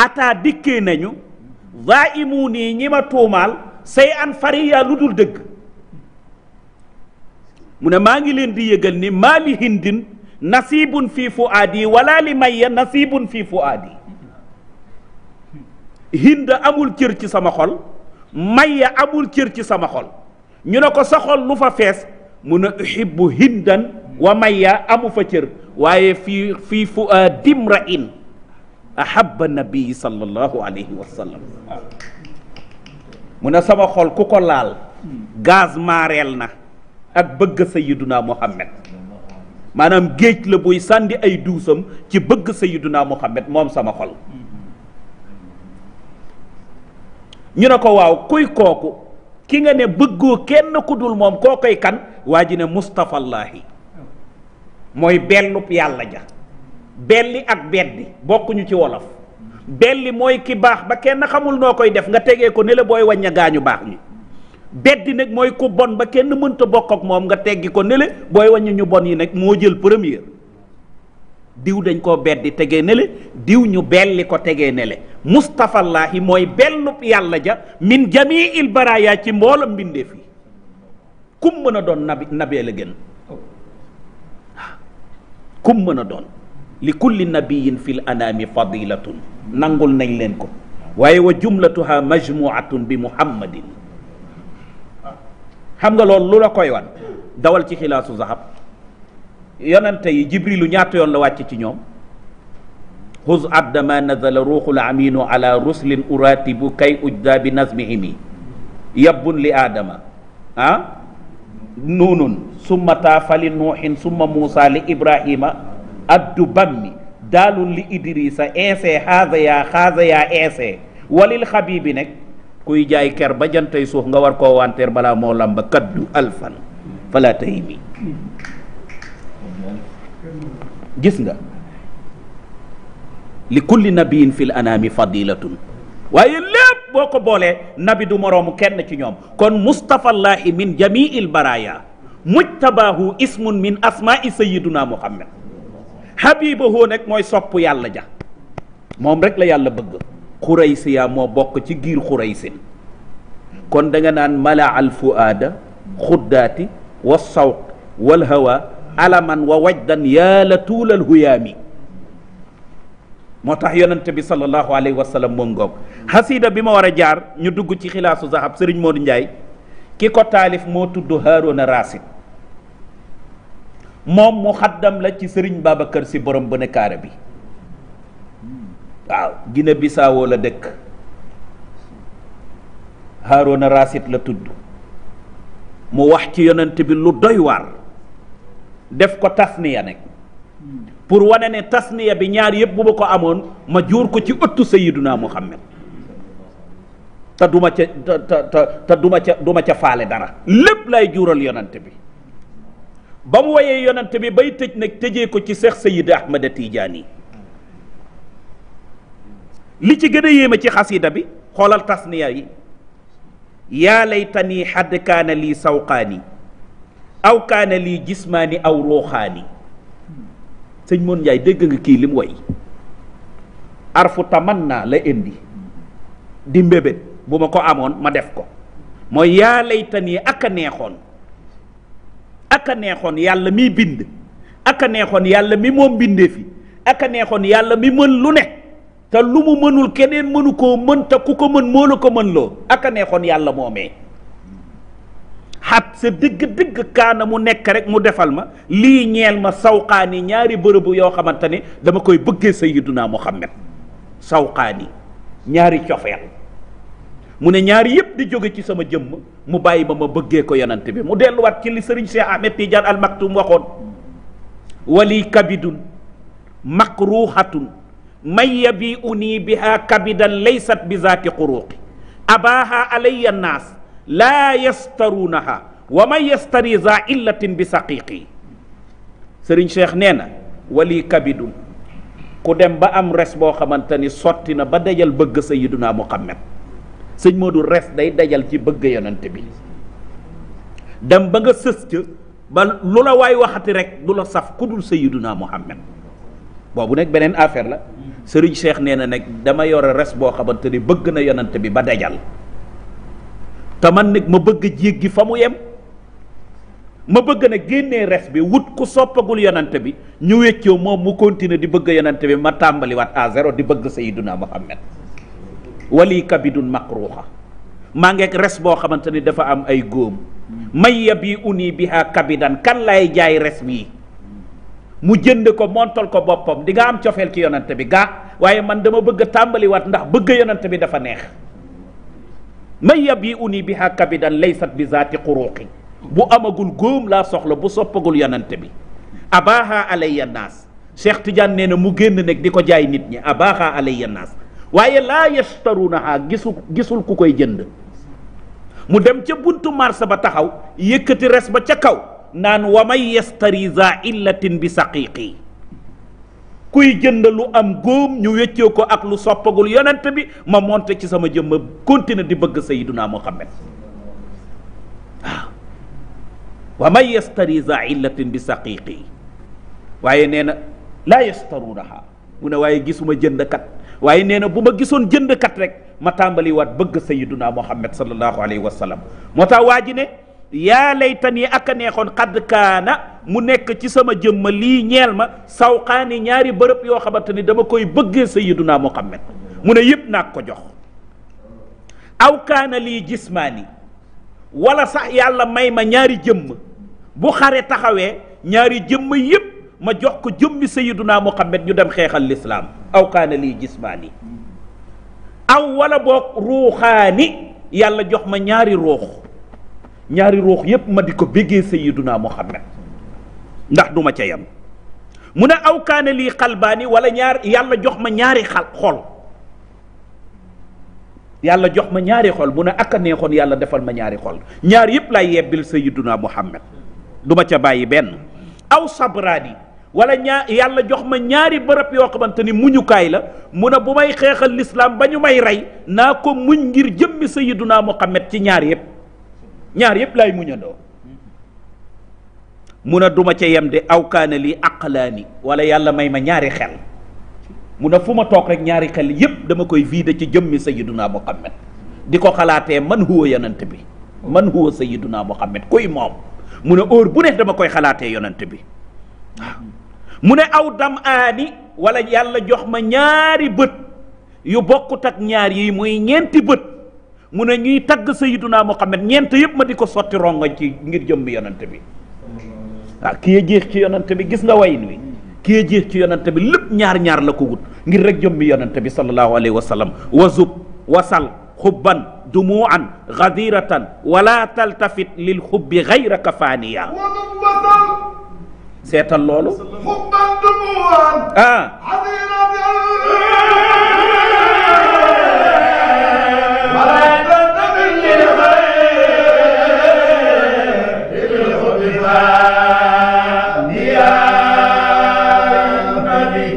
ataa dikkee nañu vaa imu nii ñi ma tuumaal say an fariya lu dul dëgg mu ne maa ngi leen di yëgal ni maa li hindin nasibun fii fu aadi wala li mayya nasibun fii fu aadi hind amul cër ci sama xol mayya amul cër ci sama xol ñu ne ko sa xol lu fa fees mu ne uhibbu hindan wa mayya amu fa cër waaye fii fii fu ah, dimra in ahabba nabii sallallahu alayhi wa sallam mu ne sama xol ku ko laal gaz maareel na ak bëgg sayiduna muhammad maanaam géej la buy sàndi ay duusam ci bëgg sayiduna muhammad moom sama xol ñu ne ko waaw kuy kooku ki nga ne bëggoo kenn ku dul moom koo koy kan waa ji ne mustafallaahi mooy bellub yàlla ja belli ak beddi bokkuñu ci wolof belli mooy ki baax ba kenn xamul noo koy def nga tegee ko ne booy wàñña gaañu baax ñi beddi nag mooy ku bon ba kenn mënta bokk ak moom nga teggi ko ne booy wàññi ñu bon yi nag moo jël première diw dañ koo beddi tegee ne diw ñu belli ko tegee ne la mustafallaahi mooy bellub yàlla ja min jamiil baraaya ci mboolam mbindeef yi kum mën a doon nabi nabee la gën kum mën a doon li kulli nabiyin fil anaami fadilatun nangul nañ leen ko waaye wa jumlatuha majmuatun bi muhammadin xam nga loolu lu la koy wan dawal ci xilaasu zahab yonente yi jibrilu ñaata yoon la wàcc ci ñoom xuz abda ma nazala ruuxul aminu ala ruslin uratibu kay ujda bi nazmihimi yabbun li aadama ah nuunun summata fali nuuhin summa moussa li ibrahima addu bammi daalun li idrissa inse xaasa yaa xaasa yaa inse walil xabibi nekk kuy jaay ker ba jantay suuf nga war koo wanteer balaa moo lamba kaddu alfan fala tayi mi gis nga li kulli nabiyin fil anaami fadilatun waaye lépp boo ko boolee nabi du moroomu kenn ci ñoom kon mustafallahi min jamiil baraya mujtabaahu ismun min asmaai sayiduna muhammad habibahu nag mooy sopp yàlla ja moom rek la yàlla bëgg xuraysiya moo bokk ci giir xuraysin kon danga naan mala al fuaada xuddaati wa sawq wal hawa alaman wa wajdan yaa la tuulal huyaami moo tax yonante bi sallallahu alayhi wa sallam moo ngoog xasida bi ma war a jaar ñu dugg ci xilaasu zahab sëriñ Modou Ndiaye ki ko taalif moo tudd Haaruna Raasid moom mu xaddam la ci sëriñ Babacar si borom bu ne kaare bi waaw Gine Bisaawoo la dëkk Haaruna Raasid la tudd mu wax ci yonante bi lu doy waar def ko tasniya nekk pour wane ne tasniya bi ñaar yëpp bu ma ko amoon ma jur ko ci ëttu sayiduna muhammad te duma ca te duma ca duma ca faale dara lépp lay juural yonante bi ba mu woyee yonante bi bay tëj nag tëjee ko ci seex sayid ahmada tijaani li ci gën a yéeme ci xasida bi xoolal tasniya yi yaa laytani xadd kaana lii sawqaani aw kaana lii jismaani aw ruuxaani sëñ Moon Njaay dégg nga kii li woy way arfu naa la indi di mbébét bu ma ko amoon ma def ko mooy yaa laytanii ak a neexoon ak a neexoon yàlla miy bind ak a neexoon yàlla mi moom bindee fi ak a neexoon yàlla mi mën lu ne te lu mu mënul keneen mënu koo mën te ku ko mën moo la ko mën loo ak a neexoon yàlla moomee xat sa dëgg-dëgg kaana mu nekk rek mu defal ma lii ñeel ma sawqaani ñaari bërëbu yoo xamante ni dama koy bëggee sayyiduna Muhammad sawqaani ñaari cofeel mu ne ñaari yëpp di jóge ci sama jëmm mu bàyyi ma ma bëggee ko yonent bi mu delluwaat ci li sëriñ Cheikh Ahmed Tidiane Al Maktoum waxoon wali kabidun makruhatun may yabi unii biha kabidan laysat bi zaati xuruqi abaaha alayya naas laa yastaruunaha wa man yastari za illatin bi saqiiqi sëriñ cheikh nee na wali kabidun ku dem ba am res boo xamante ni sotti na ba dajal bëgg sayiduna muhammad sëñ Modou res day dajal ci bëgg yonante bi dem ba nga sës ca ba lu la waay waxati rek du la saf ku dul sayiduna muhammad boobu nag beneen affaire la sëriñ cheikh nee na nag dama yore res boo xamante ni bëgg na yonante bi ba dajal te man nag ma bëgg a gi fa mu yem ma bëgg na génnee res bi wut ku soppagul yonante bi ñu wéccoo moom mu continuer di bëgg yonante bi ma tàmbaliwaat à zéro di bëgg sayyiduna Muhammad wali kabidun makruuxa maa ngeeg res boo xamante ni dafa am ay góom may yabi uni biha kabidan kan lay jaay res bii mu jënd ko montal ko boppam di nga am cofeel ci yonante bi gaa waaye man dama bëgg tàmbaliwaat ndax bëgg yonante bi dafa neex man yabiuni biha kabidan laysat bi zaati xuruqi bu amagul góom laa soxla bu soppagul yonante bi abaaha alayya naas Cheikh Tidiane nee na mu génn nag di ko jaay nit ñi abaaha alayya naas waaye laa yastarunaha gisul gisul ku koy jënd mu dem ca buntu marché ba taxaw yëkkati res ba ca kaw naan wa man yastari za illatin bi saqiiqi kuy jënd lu am góom ñu wéccee ko ak lu soppagul yonent bi ma monte ci sama jëmm continue di bëgg sayyiduna Muhammad waaw ah. wa man yastari bi saqiqi waaye nee na laa yastaruunaha mu ne waaye gisuma jëndkat waaye nee na bu ma gisoon jëndkat rek ma tàmbali bëgg sayyiduna Muhammad sallallahu alayhi wa sallam moo tax waa ji ne yaa laytani ak neexoon xad kaana mu nekk ci sama jëmma lii ñeel ma saw sawqaani ñaari bërëb yoo xamante ni dama koy bëggee naa muhammad mu ne yëpp naag ko jox aw kaana lii jismaani wala sax yàlla may ma ñaari jëmm bu xare taxawee ñaari jëmm yépp ma jox ko jëmmi sayyiduna muhammad ñu dem xeexal lislaam aw kaana lii jismaani aw wala boog ruuxaani yàlla jox ma ñaari ruux ñaari ruux yëpp ma di ko bëggee naa muhammad ndax duma ca yam mu ne aw kaani lii xalbaani wala ñaar yàlla jox ma ñaari xal xol yàlla jox ma ñaari xol mu ne ak a neexoon yàlla defal ma ñaari xol ñaar yëpp laay yebbil sayyiduna muhammad duma ca bàyyi benn aw sabraani wala ñaar yàlla jox ma ñaari barab yoo xamante ni muñukaay la mu ne bu may xeexal lislaam ba ñu may rey naa ko muñ ngir jëmmi sayyiduna muhammad ci ñaar yëpp ñaar yëpp laay muñandoo mun a duma ca yem de aw kaana li aqlaani wala yàlla may ma ñaari xel mun a fu ma toog rek ñaari xel yépp dama koy vider ci jëmmi sayiduna muhammad di ko xalaatee man huwa yonent bi man huwa sayiduna muhammad kuy moom mu ne óor bu ne dama koy xalaatee yonent bi mu ne aw dam aani wala yàlla jox ma ñaari bët yu bokkut ak ñaar yi muy ñeenti bët mu ne ñuy tagg sayiduna muhammad ñeent yépp ma di ko sotti rongoñ ci ngir jëmmi yonent bi waaw ah, ki ci yonante bi gis nga wayin wi ki ya ci yonante bi lépp ñaar-ñaar la ko wut ngir rek jëmmi bi sallallahu alayhi wa sallam wa zub wasal xubban dumuan gadiratan wala taltafit lil xubbi gayraka faaniya seetal loolu xubban dumuan ah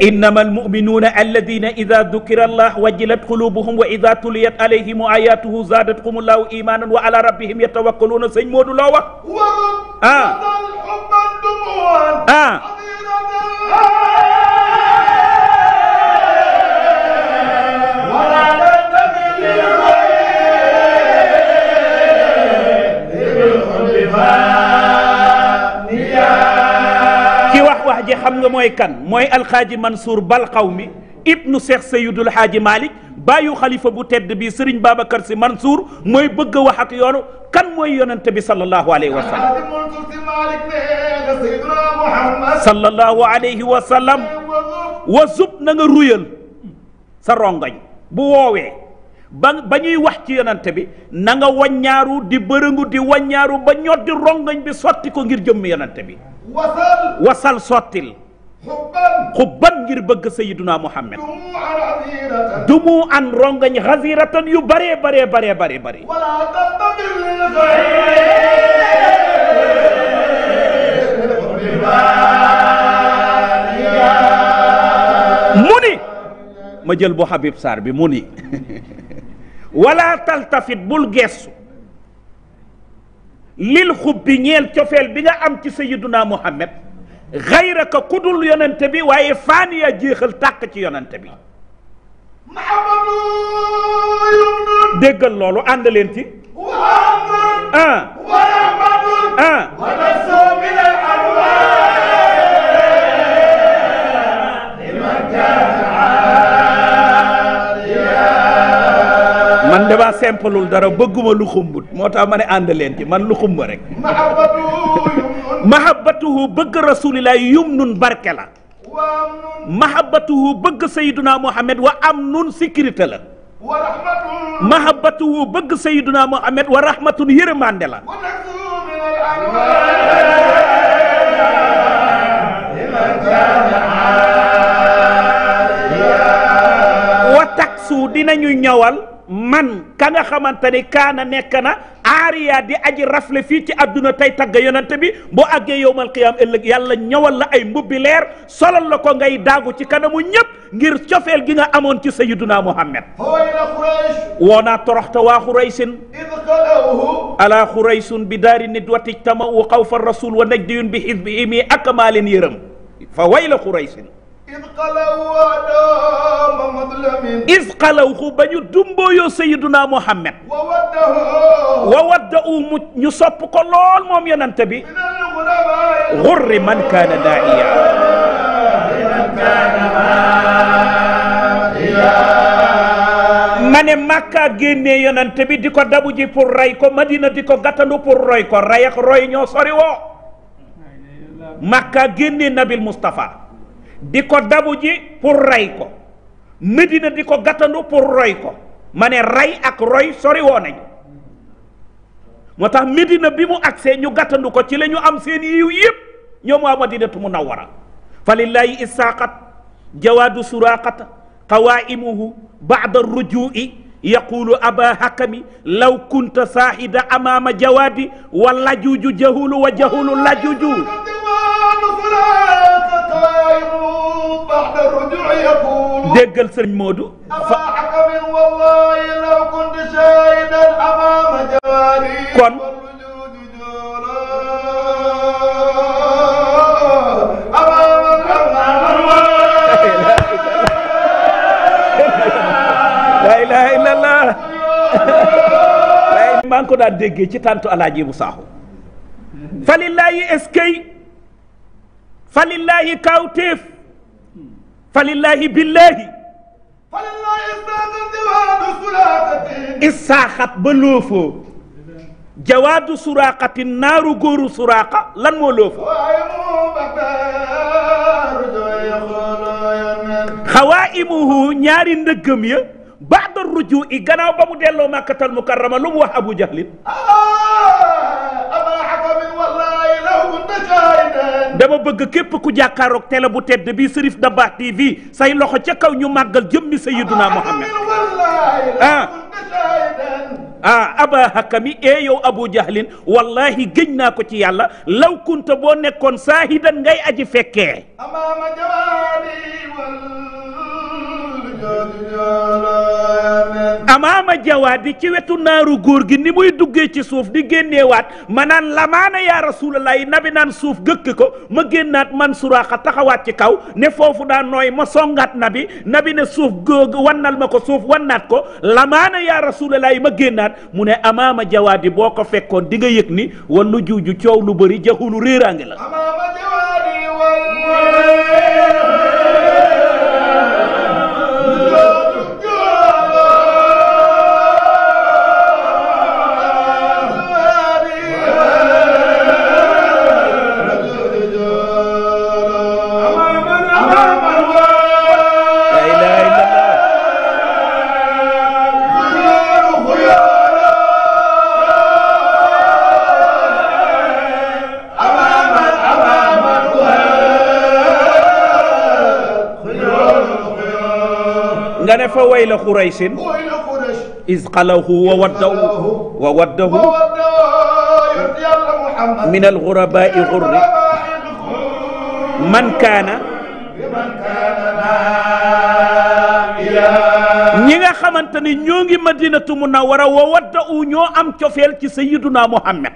إنما المؤمنون الذين إذا ذكر الله وجلت قلوبهم وإذا تليت عليهم آياته زادتهم الله إيمانا وعلى ربهم يتوكلون sëñ Modou loo wax ah mooy kan mooy alxaaji Mansour bal xaw mi ibnu Seex Seydul Xaaji Malick bàyyu xalifa bu tedd bi Serigne Babacar Sy Mansour mooy bëgg a wax ak yoonu kan mooy yonente bi sallallahu alayhi wa sallam sallallahu alayhi wa sa rongoñ bu woowee ba ba ñuy wax ci yonente bi na nga waññaaru di bërëngu di waññaaru ba ñoddi rongoñ bi sotti ko ngir jëmm yonente bi wasal sottil xubban ngir bëgg sayiduna muhammad dumu an rongañ xasiratan yu bëree bëree bëree bëri bëri mu ni ma jël bu Habib Sarr bi mu ni wala taltafit bul geessu lil xub bi ñeel cofeel bi nga am ci sayiduna muhammad xayraka ku dul yonente bi waaye faaniya jéexal tàkk ci yonente bi déggal loolu ànd leen ci ah ah man dama simpalul dara bëgguma lu xumbut moo tax ma ne ànd leen ci man lu xumba rek mahabbatuhu bëgg rasulillah yumnun barke la mahabbatuhu bëgg sayyiduna muhammad wa amnun sécurité la mahabbatuhu bëgg sayyiduna muhammad wa rahmatun yërëmande la wa taksu dinañu ñëwal man ka nga xamante kaana nekk na aariya di aji rafle fii ci àdduna tey tagg yonente bi bu àggee yowmal qiyaam ëllëg yàlla ñëwal la ay mbubbi leer solal la ko ngay daagu ci kanamu ñépp ngir cofeel gi nga amoon ci sayiduna muhammad woo naa toroxta waa xuraysin alaa xuraysun bi daari nidwati tama u xawfa rasul wa najdiyun bi xisbihim yi akamaalin yërëm fa way la xuraysin isqalawhu ba ñu dumbooyoo sayiduna muhammad wa waddahu mu ñu sopp ko lool moom yonent bi man kaana daaiya ma Makka génnee yonent bi di ko dabu ji pour Madina di ko gàttandu pour roy roy ñoo sori woo Makka génnee Nabil Moustapha di ko dabu ji pour rey ko Medina di ko gàttandu pour roy ko ma ray ak roy sori woo moo tax Medina bi mu agsee ñu gàttandu ko ci lañu am seen yiw yëpp ñoom waa madinatu munawwara fa lillahi isaqat jawaadu suraqata qawaimuhu baada rujui yaqulu aba hakami law kunta saahida amama jawaadi wa lajuju jahulu wa jahulu lajuju déggal sëriñ Modou fa maa ko daan déggee ci tàntu alaaji bu saaxu falillahi eskay fa lillaahi kawtéef fa lillaahi billaahi isaaxat ba loofoo jawaadu suraaqati naaru góoru suraaqa lan moo loofoo xawaa'imuhu ñaari ndëggam ya baada rujuu i gannaaw ba mu delloo màkkatal mukarrama lu mu wax abu jahlin dama bëgg képp ku jàkkaaroog télé bu tedd bi Cherif Dabakh TV say loxo ca kaw ñu màggal jëmmi Sayyiduna Muhammad ah ah aba hakami ee eh, yow abu jahlin wallahi géñ naa ko ci yàlla law kunta boo nekkoon saahidan ngay aji fekke amaama jawaadi ci wetu naaru góor gi ni muy duggee ci suuf di génneewaat ma naan lamaana yaa rasulallah yi nabi naan suuf gëkk ko ma génnaat man suraaxa taxawaat ci kaw ne foofu daan nooy ma songaat nabi nabi ne suuf wannal ma ko suuf wannaat ko lamaana yaa rasulallah yi ma génnaat mu ne amaama jawaadi boo ko fekkoon di nga yëg ni wallu juuju coow lu bëri jaxulu réeraange la fa wayla xuraysin is xalawhu wa waddahu wa waddahu min alxurabaai xurri man kaana ñi nga xamante ni ñoo ngi madinatu munawara wa waddahu ñoo am cofeel ci sayiduna muhammad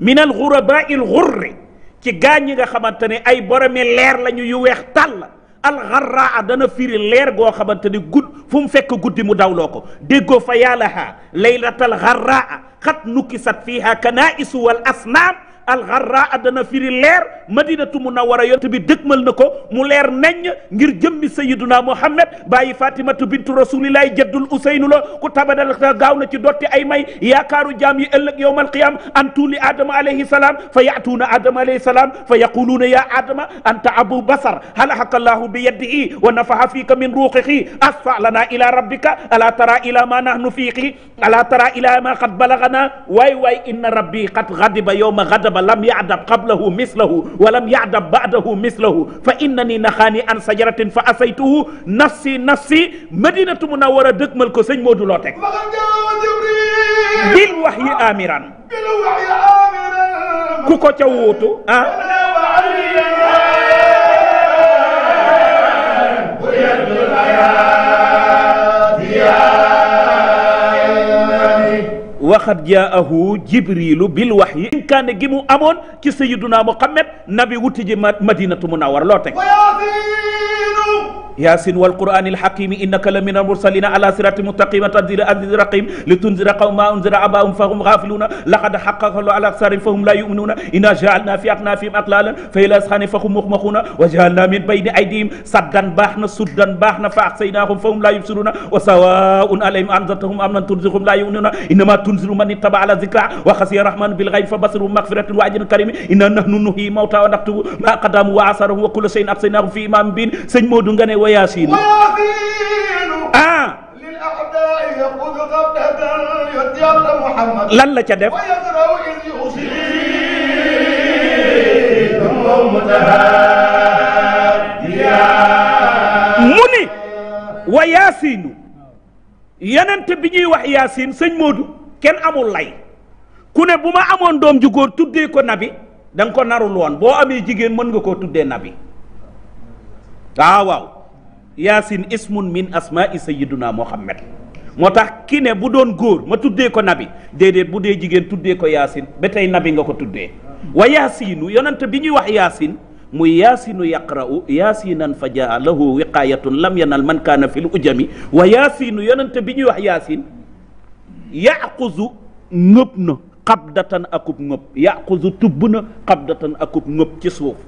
min alxurabaai xurri ci gaa ñi nga xamante ni ay boromi leer lañu yu weex tàll alxarraa dana firi leer goo xamante ni gudd fu mu fekk guddi mu dawloo ko déggoo fa yaalahaa laylatal xarraa xat nukki sat fiiha kanaisu wal asnaam alxarraa dana firi leer madinatu munawwara yonent bi dëgmal na ko mu leer naññ ngir jëmmi sayiduna muhammad bàyyi fatimatu bintu rasulillahi jaddul useynu la ku tabadal gaaw na ci dotti ay may yaakaaru jaam yi ëllëg yowmal qiyam an tuuli adama alayhi salaam fa yaatuuna adama alayhi salaam fa yaquluuna ya adama anta abu basar halahaka allahu bi yadihi wa nafaha fiika min ruuxihi asfa lana ila rabbika ala tara ila ma nahnu fiiqi ala tara ila ma qad balagana waay waay inna rabbi qad gadiba yowma gadaba adama lam yadab qablahu mislahu wa lam yadab badahu mislahu fa innani naxaani an sajaratin fa asaytuhu nafsi nafsi madinatu munawwara dëgmal ko sëñ Modou loo teg bil wahyi amiran ku ko ca wuutu ah Yeah. laqad jaahu jibrilu bil wahyi inkaane gi mu amoon ci sayyiduna muhammad nabi wuti ji madinatu munawwar loo teg yaasin wal quraanil hakiimi innaka la minal mursaliina alaa siraatin mustaqiim tanziilal aziizir rahiim li tunzira qawman maa unzira aabaa'uhum fahum ghaafiluun laqad haqqa qawlu alaa aktharihim fahum laa yu'minuun innaa ja'alnaa fii a'naafihim aglaalan fa ilal azqaani fahum mughmaquun wa ja'alnaa min bayni aydiihim saddan baax na suddan baax na fa aghshaynaahum fahum laa yubsiruun wa sawaa'un alayhim anzartahum am lam tunzirhum laa yu'minuun innamaa tunziru man ittaba'al dhikra wa khashiya rahmaanu bil ghaybi fabashshirhu maghfiratan wa ajran kariiman innaa nahnu nuhyil mawtaa wa naktubu maa qaddamuu wa aathaarahum wa kulla shay'in ahsaynaahu fii imaamin mubiin وياسين ah lan la ca def mu wa yaasiinu yenent bi ñuy wax yaasiin sëñ Moodu kenn amul lay ku ne bu ma amoon doom ju tuddee ko nabi da ko narul woon boo amee jigéen mën nga koo tuddee nabi waaw yaasin ismun min asmaa'i sayyiduna muhammad moo tax ki ne bu doon góor ma tuddee ko nabi déedéet bu dee jigéen tuddee ko yaasin ba tey nabi nga ko tuddee wa yaasinu yonent bi ñuy wax yaasin muy yaasinu yaqra'u yaasinan fa jaa lahu wiqaayatun lam yanal man kaana fil ujami wa yaasinu yonent bi ñuy wax yaasin yaquzu ngëb na xabdatan akub ngëb yaquzu tubb na xabdatan akub ngëb ci suuf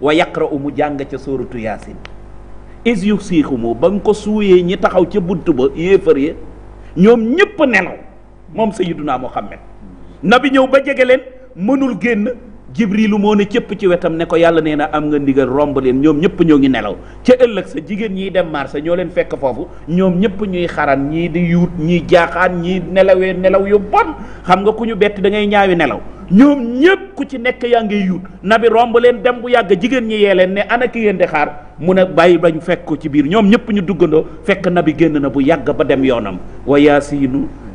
wa yaqra'u mu jàng ca sóoratu yaasin is yu siixumu ba mu ko suuyee ñi taxaw ca bunt ba yéefar ya ñoom ñëpp nelaw moom moo sayyiduna na bi ñëw ba jege leen mënul génn jibrilu moo ne cëpp ci wetam ne ko yàlla nee na am nga ndigal romb leen ñoom ñëpp ñoo ngi nelaw ca ëllëg sa jigéen ñiy dem marché ñoo leen fekk foofu ñoom ñëpp ñuy xaran ñii di yuut ñii jaaxaan ñii nelawee nelaw yu bon xam nga ku ñu bett da ngay ñaawi nelaw ñoom ñëpp ku ci nekk yaa ngay yuut nabi romb leen dem bu yàgg jigéen ñi yee leen ne ana ki ngeen di xaar mu ne bàyyi bañ fekk ko ci biir ñoom ñëpp ñu duggandoo fekk na bi génn na bu yàgg ba dem yoonam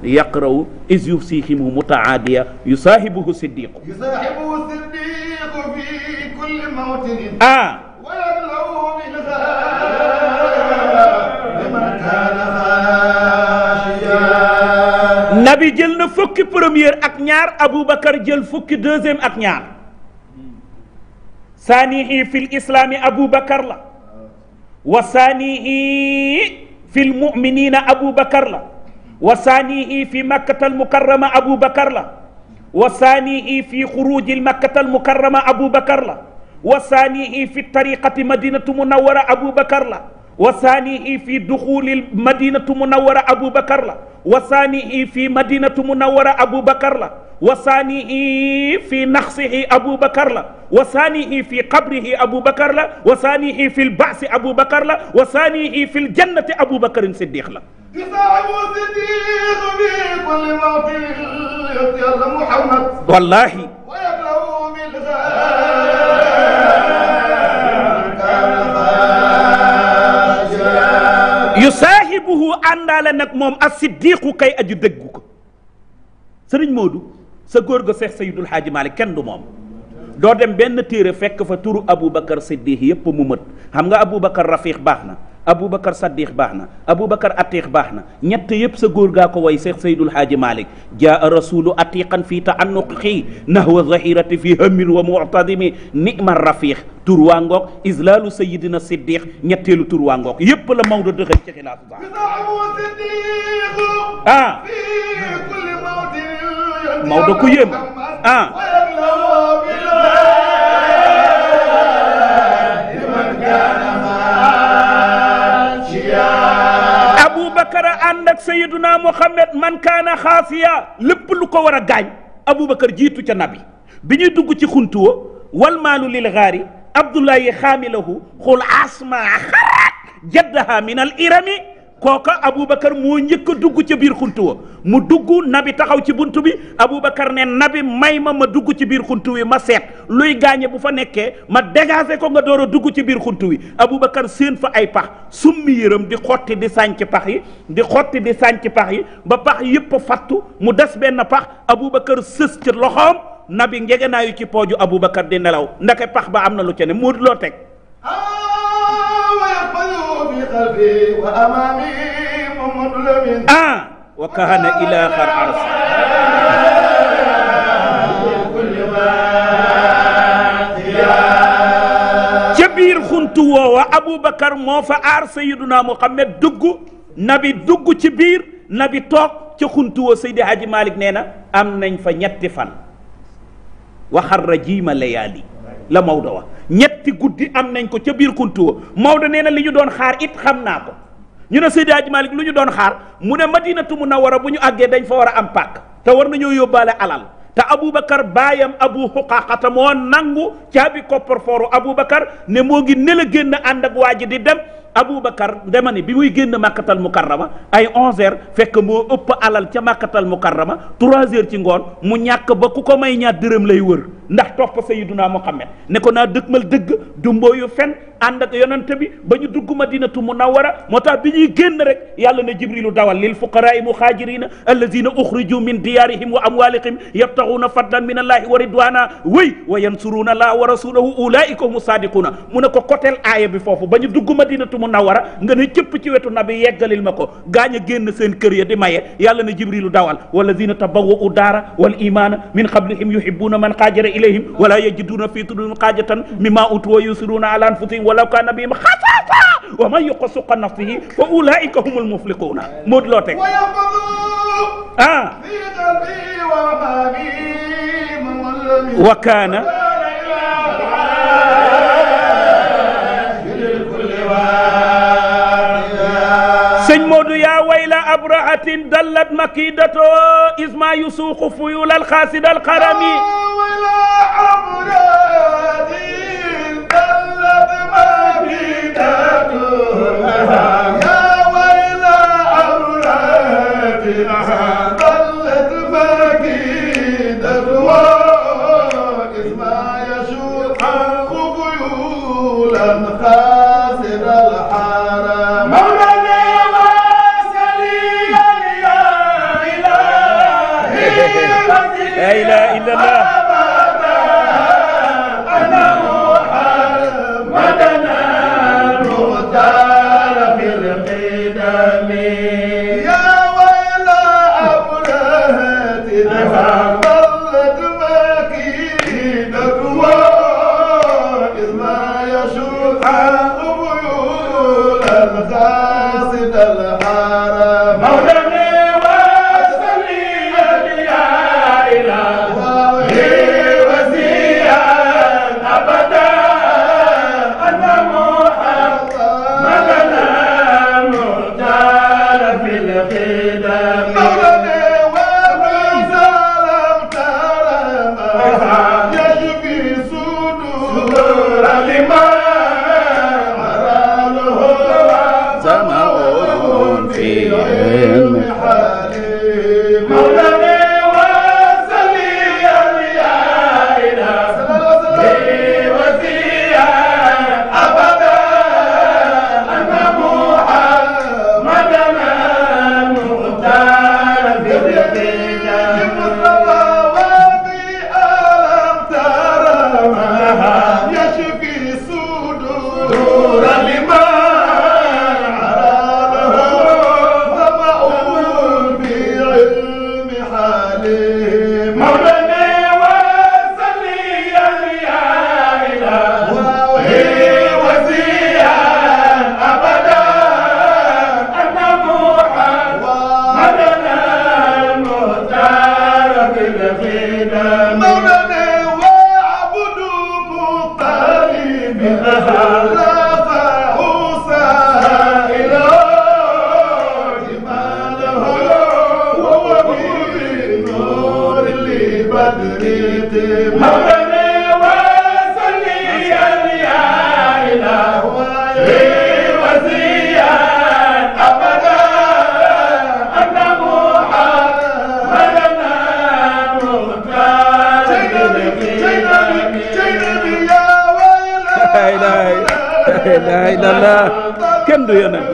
yaqra'u iz yufsihimu mutaadiya yusaahibuhu siddiqu yusaahibuhu siddiqu fi kulli mawtinin ah nabi jël na fukki première ak ñaar aboubacar jël fukki deuxième ak ñaar saanihi fil islaami aboubacar la wa saanihi fil muminina aboubacar la wa saanii i fi makkata almukarrama abu bakar la wa saanii i fi xuruji makkata almukarrama abu bakar la wa saanii i fi tariqati madinatu munawara abu bakar la wa saanii fi duxuuli madinatu munawara aboubacar la wa saanii fi madinatu munawara aboubacar la wa saanii fi naxsihi aboubacar la wa saanii fi qabrihi aboubacar la wa saanii fi lbaasi aboubacar la wa saanii fi ljannati aboubacarin siddiq la wallaahi yu saahibuhu àndaale nag moom as-siddiqu kay aju dëggu ko sëriñ Moodu sa góor ga Seex Sayyidul Haaji Maalik kenn du moom doo dem benn téere fekk fa turu Aboubacar Siddiq yépp mu mët xam nga Aboubacar Rafiq baax na Aboubacar Saddiq baax na Aboubacar Atiq baax na ñett yépp sa góor gaa ko way Seex Sayyidul Haaji Maalik jaa rasulu atiqan fii taannuqi nahwa zahirati fi hammin wa mu'tadimi ni'ma rafiq tur waa ngoog islaalu sayidina siddiq ñetteelu tur waa ngoog yépp la Maodo dëxëñ ci xilaasu baax ah Maodo ku yéem ah abubakar a ànd ak sayiduna muhammad man kaana xaafiya lépp lu ko war a gaañ abubakar jiitu ca nabi bi ñuy dugg ci xuntu wa wal maalu lil gaari abdullahi xaamilahu xul asma xarat jaddaha min al irami kooka aboubacar moo njëkk dugg ca biir xuntu wa mu dugg nabi taxaw ci bunt bi aboubacar ne nabi may ma ma dugg ci biir xuntu wi ma seet luy gaañe bu fa nekkee ma dégagé ko nga door a dugg ci biir xuntu wi aboubacar séen fa ay pax summi yëram di xotti di sànc pax yi di xotti di sànc pax yi ba pax yépp yëpp fattu mu des benn pax aboubacar sës ca loxoom nabi njegenaayu ci pooju Aboubacar di nelaw ndake pax ba am na lu ca ne muut loo teg ah wa kahana ilaa xar ars ca biir xuntu woowa Aboubacar moo fa aar Sayyiduna Muhammad dugg nabi dugg ci biir nabi toog ca xuntu woo Seydi Hadji Malick nee na am nañ fa ñetti fan waxarra jiima layaali la Maodo wax ñetti guddi am nañ ko ca biir kuntuwa Maodo nee na li ñu doon xaar it xam naa ko ñu ne Seydi Hadji Malick lu ñu doon xaar mu ne madinatu munawwara bu ñu àggee dañ fa war a am pàkk te war nañoo yóbbaale alal te Aboubacar baayam Abu Xuqaaxata moo nangu caabi kopparfooru Aboubacar ne moo ngi ne la génn ànd ak waa ji di dem Aboubacar dema ne bi muy génn màkkatal mukarrama ay 11 fekk moo ëpp alal ca màkkatal mukarrama 3 heures ci ngoon mu ñàkk ba ku ko may ñaar dërëm lay wër ndax topp sayyiduna Muhammad ne ko naa dëgmal dëgg du mbooyu fen ànd ak yonent bi ba ñu dugg madinatu munawwara moo tax bi ñuy génn rek yàlla na jibrilu dawal lil fuqaraai muhaajirina allazina uxriju min diyaarihim wa amwalihim yabtaxuuna fadlan min allahi wa ridwana wéy wa yansuruuna laa wa rasulahu ulaika humu saadiquuna mu ne ko koteel aaya bi foofu ba ñu dugg madinatu munawwara nga ne cëpp ci wetu nabi yeggalil ma ko gaañ a génn seen kër ya di maye yàlla na jibrilu dawal wallazina tabawwau daara wal imaana min qablihim yuhibuuna man xaajara ilayhim wala yajiduuna fii sudurihim xaajatan mimmaa utu wa yusiruuna ala anfusihim walaw kaana bihim xasaasa wa man yuqa suqa nafsihi fa ulaika humul muflixuuna Modou Lo teg ah wa kaana sëñ Modou abra'atin dallat makidato isma yusuqu fuyul alxaasid alxarami wala abra'atin dallat makidato ilaha illallah kenn du yonent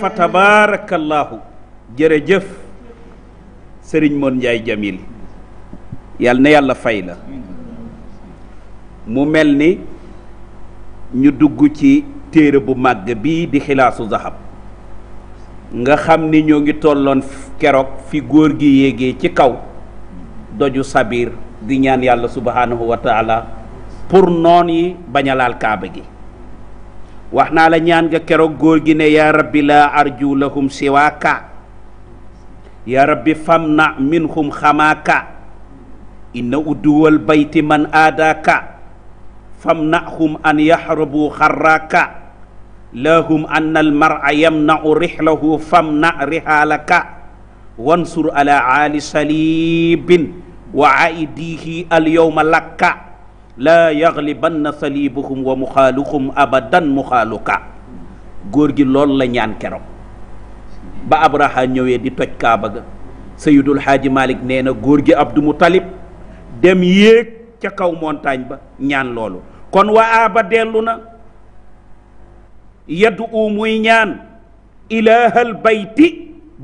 fa tabaarakallaahu jërëjëf sëriñ Moon Njaay Jamil yàlla na yàlla fay la mu mel ni ñu dugg ci téere bu màgg bi di xilaasu zahab nga xam ni ñoo ngi tolloon keroog fi góor gi yéegee ci kaw doju sabiir di ñaan yàlla subhaanahu wa pour noon yi bañ kaaba gi wax naa la ñaan nga keroog góor gi ne yaa rabbi laa arju lahum siwaaka yaa rabbi famna minhum xamaaka inna udduwal bayti man aadaaka famnahum an yaxrubu xarraaka lahum anna almara yamnau rixlahu famna rixaalaka wansur ala aali salibin wa aidihi alyowma lakka la yaglibanna salibuhum wa muxaaluhum abadan muxaaluka góor gi loolu la ñaan keroog ba abraha ñëwee di toj kaaba ga sayidul xaaji malik nee na góor gi abdu talib dem yéeg ca kaw montagne ba ñaan loolu kon wa aaba dellu na yadu u muy ñaan ilaahal bayti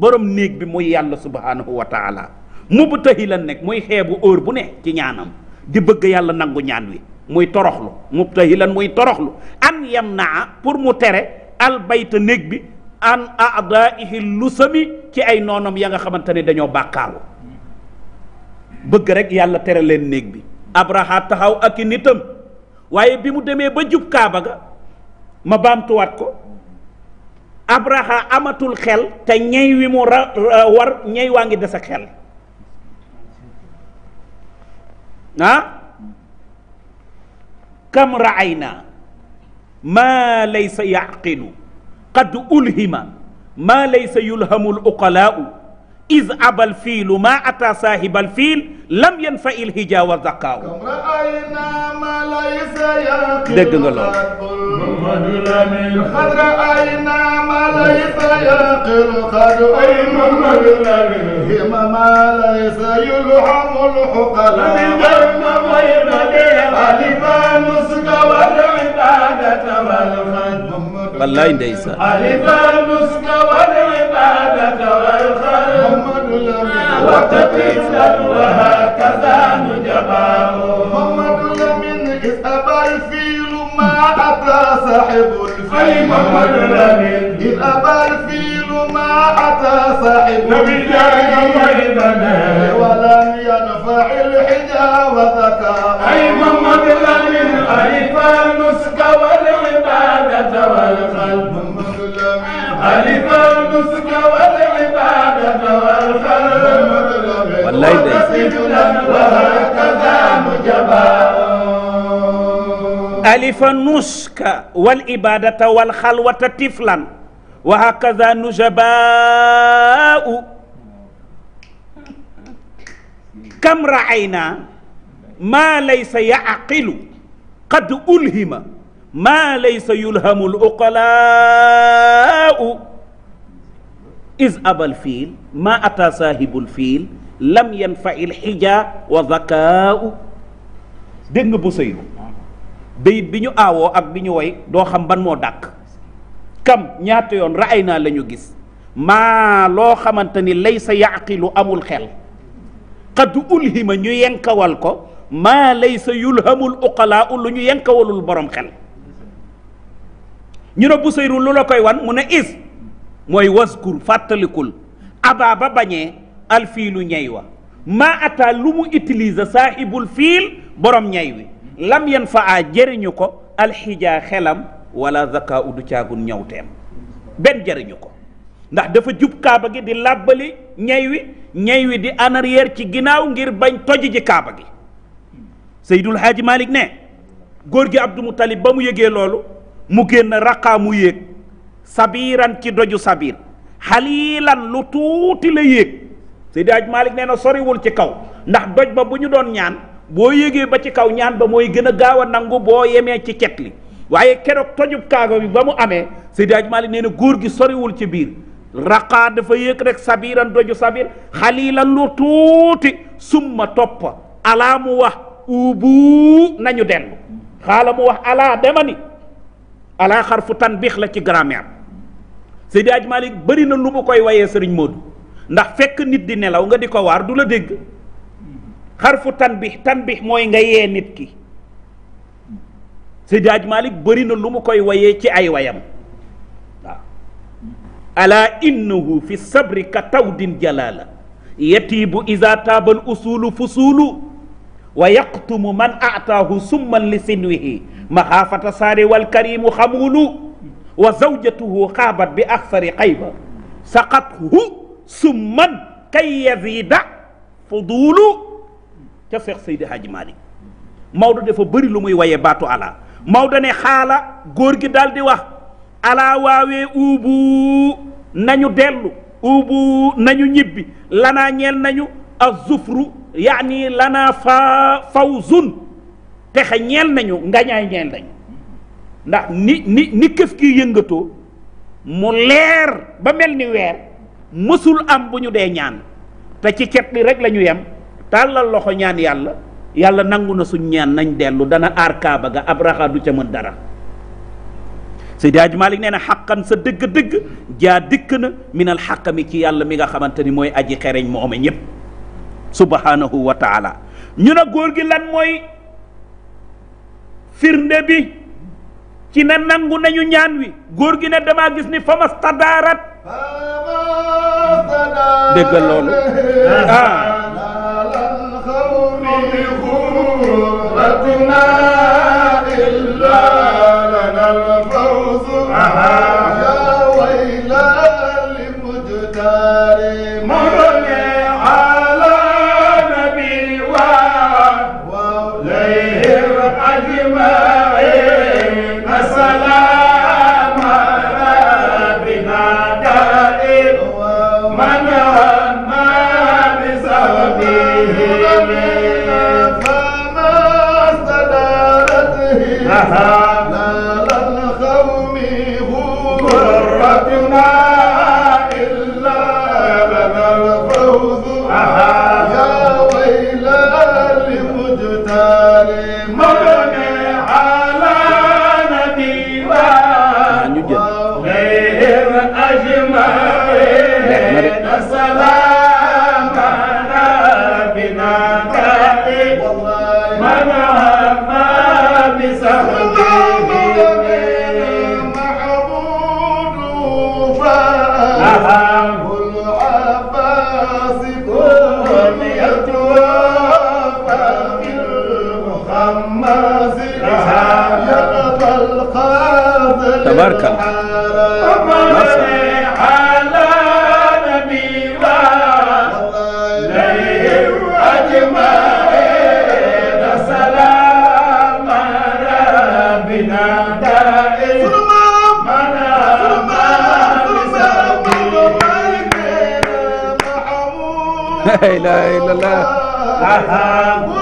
boroom néeg bi muy yàlla subhaanahu wa taala la nekk muy xeebu óor bu ne ci ñaanam di bëgg yàlla nangu ñaan wi muy toroxlu mubtahilan muy toroxlu an yam naa pour mu tere albayta néeg bi an lu lusami ci ay noonam ya nga xamante ne dañoo bàkkaaru bëgg rek yàlla tere leen néeg bi abraha taxaw ak i nitam waaye bi mu demee ba jub kaaba ga ma baamtuwaat ko abraha amatul xel te ñey wi mu war ñey waa ngi des ak xel ah kam raayna maa laysa yaqilu qad ulhima maa laysa yulhamu al uqalaau is abal fiilu ma ata saahibal fiil lam yan fa il hija wa zakaaw dégg nga lool wallaay ndeysaan السعادة والخير محمد الأمين وتقيسا وهكذا نجمع محمد الأمين إذ أبى الفيل ما أتى صاحب الفيل محمد الأمين إذ أبى الفيل ما أتى صاحب الفيل ولم ينفع الحجاوة أي محمد الأمين أي فالنسك والعبادة والقلب alifa nusuka wal ibadata wal xalq wallaay day alifa nusuka wal ibadata wal xalwata tiflan wa hakaza nujabau kam raayna ma laysa yaqilu qad ulhima ما ليس يلهم العقلاء إذ أبى الفيل ما أتى صاحب الفيل لم ينفع الحجا وذكاء dégg nga bu sëy bayit bi ñu awoo ak bi ñu woy doo xam ban moo dàq kam ñaata yoon raay naa la ñu gis maa loo xamante ni laysa yaqilu amul xel xad ulhima ñu yenkawal ko maa laysa yulhamul uqalaa lu ñu yenkawalul borom xel ñu ne busayru lu la koy wan mu ne is mooy waskur fàttalikul abaa ba bañee alfiilu ñey wa maa ataa lu mu utilise saahibul fiil borom ñey wi lam yan fa a jëriñu ko alxijaa xelam wala zaka udu caagun ñawteem benn jëriñu ko ndax dafa jub kaaba gi di làbbali ñey wi ñey wi di en ci ginnaaw ngir bañ toj ji kaaba gi Seydul Haaji Malik ne góor gi Abdou Moutalib ba mu yëgee loolu mu génn raqaa mu yéeg sabiiran ci doju sabiir xaliilan lu tuuti la yéeg Seydi Aj Malik nee na soriwul ci kaw ndax doj ba bu ñu doon ñaan boo yéegee ba ci kaw ñaan ba mooy gën a gaaw a nangu boo yemee ci cet li waaye keroog tojub kaago bi ba mu amee Seydi Aj Malik nee na góor gi soriwul ci biir raqaa dafa yéeg rek sabiiran doju sabiir xaliilan lu tuuti summa topp alaa mu wax ubu nañu dellu xaala mu wax alaa dema ni alaa xarfu tanbiix la ci grammaire Seydi Aj Malik bëri na lu mu koy wayee sëriñ Modou ndax fekk nit di nelaw nga di ko waar du la dégg xarfu tanbiix tanbiix mooy nga yee nit ki Seydi Aj Malik bëri na lu mu koy wayee ci ay wayam waaw alaa innahu fi sabri ka tawdin jalaala yatiibu iza taabal usulu fusulu wa yaqtumu man aataahu summan li sinwihi maxaafata saari walkarimu xamuulu wa zawjatuhu xaabat bi aksari xayba saqathu summan kay yazida fuduulu ca Seex Seydi Haaji Maalik Maodo dafa bëri lu muy waye baatu ala Maodo ne xaala góor gi daal di wax ala waawee uubu nañu dellu uubu nañu ñibbi lanaa ñeel nañu azufru yaani lana fa faw fawzun texe ñeel nañu ngañaay ñeel nañu ndax ni ni ni këf gi yëngatoo mu leer ba mel ni weer mësul am bu ñu dee ñaan te ci cet li rek lañu yem tàllal loxo ñaan yàlla yàlla nangu na suñ ñaan nañ dellu dana aar kaaba ga ab raxa du ca mën dara Seydi Hadji Malick nee na xaqan sa dëgg-dëgg jaa dikk na minal xaqami ci yàlla mi nga xamante ni mooy aji xereñ moome ñëpp subhanahu wa taala ñu ne góor gi lan mooy firnde bi ci na nangu nañu ñaan wi góor gi ne dama gis ni fa mastadaarat dégg loolu ah, ah. ah. yaa wayla li mujtarin tabarakallah لا اله الا الله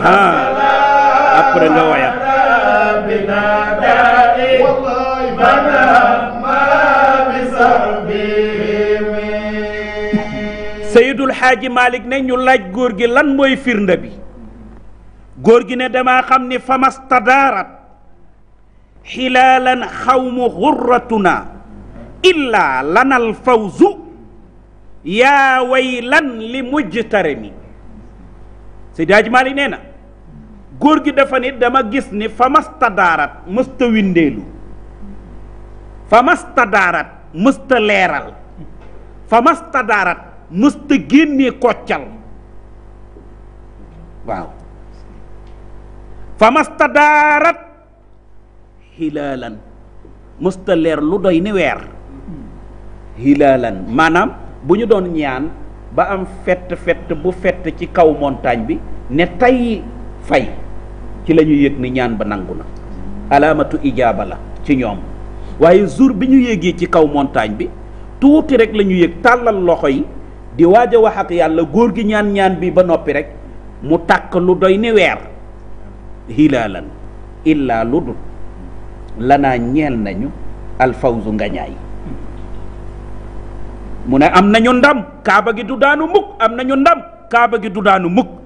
après nga woyat Seydul Xaaji Malik ne ñu laaj góor gi lan mooy firnde bi góor gi ne damaa xam ni famastadaarat xilaalan xawmu xurratuna illaa lanal fawzu yaa way lan li mujtarimi Seydi Haaji Malik nee na góor gi dafa ni dama gis ni famasta daarat mësta windeelu famasta daarat mësta leeral famasta mësta koccal waaw famasta daarat xilaalan mësta leer lu doy ni weer xilaalan maanaam bu ñu doon ñaan ba am fett fett bu fett ci kaw montagne bi ne tey fay ci la ñuy yëg ni ñaan ba nangu na alaamatu ijaaba la ci ñoom waaye jour bi ñu yéegee ci kaw montagne bi tuuti rek la ñu tàllal loxo yi di waaja a wax ak yàlla góor gi ñaan ñaan bi ba noppi rek mu tàkk lu doy ni weer hilaalan illaa lu dul lanaa ñeel nañu alfawzu ngañaay mu ne am nañu ndam kaaba gi du daanu mukk am nañu ndam kaaba gi du daanu mukk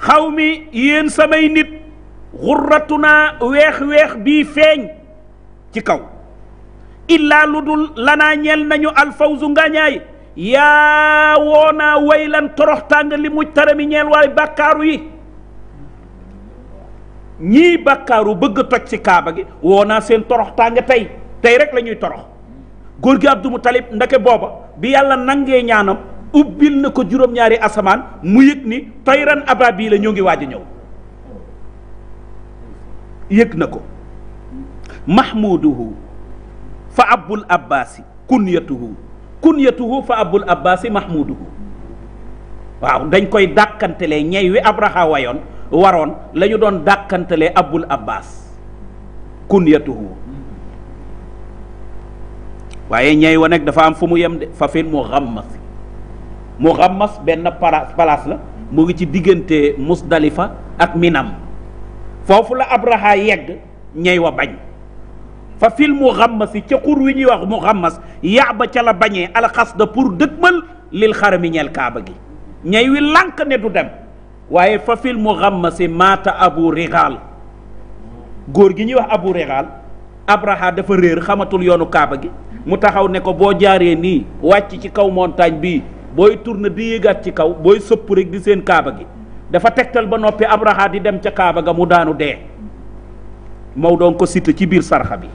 xaw mi yéen samay nit xurratunaa weex-weex bii feeñ ci kaw illaa lu dul lanaa ñeel nañu alfawzu ngañaay yaa woonaa waylan torox tàng li muj mi ñeel waay bàkkaaru yi ñii bàkkaaru bëgg toj ci kaaba gi woonaa seen torox tàng tey tey rek lañuy torox góor gi Abdu Mutalib ndake booba bi yàlla nangee ñaanam ubbil na ko juróom-ñaari asamaan mu yëg ni tayran ababil la ñoo ngi waaj a ñëw yëg na ko mahmuduhu fa abul abbaasi kunyatuhu kunyatuhu fa abul abbaasi mahmuduhu waaw dañ koy dàkkantelee ñey wi abraha wayoon waroon lañu ñu doon dàkkantelee abul abbas kunyatuhu waaye ñey wa nag dafa am fu mu yem de fa fil mu xammasi mu xammas benn para palaas la mu ngi ci diggante musdalifa ak minam foofu la abraha yegg ñey wa bañ fa fil xammasi ca xur wi ñuy wax mu xammas yaa ba ca la bañee alxasda pour dëgmal lil xarami kaaba gi ñey wi lànk ne du dem waaye fa fil mu xammasi maata abu rigaal góor gi ñuy wax abu rigaal abraha dafa réer xamatul yoonu kaaba gi mu taxaw ne ko boo jaaree nii wàcc ci kaw montagne bii booy tourne di yéegaat ci kaw booy sëpp rek di seen kaaba gi dafa tegtal ba noppi abraha di dem ca kaaba ga mu daanu dee maw doon ko cité ci biir sarxa bi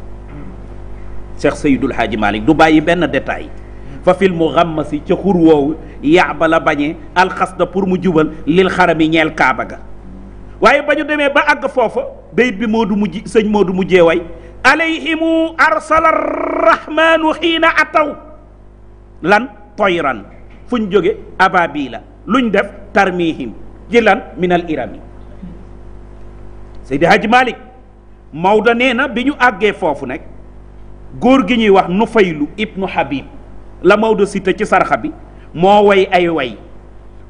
Cheikh Seydul Haaji Malick du bàyyi benn détail fa fil mu xammasi ca xur woowu yaaba la bañee alxasda pour mu jubal lil xarami ñeel kaaba ga waaye ba ñu demee ba àgg foofa bayit bi moo du mujj sëñ moo du mujjee way alayhimu arsala arrahmanu xiina ataw lan toyran fu ñu jóge ababila luñ def tarmihim ci lan min al irami Seydi Hadji Malick Maodo nee na bi ñu àggee foofu nag góor gi ñuy wax Nufaylu ibnu Habib la Maodo cité ci sarxa bi moo way ay way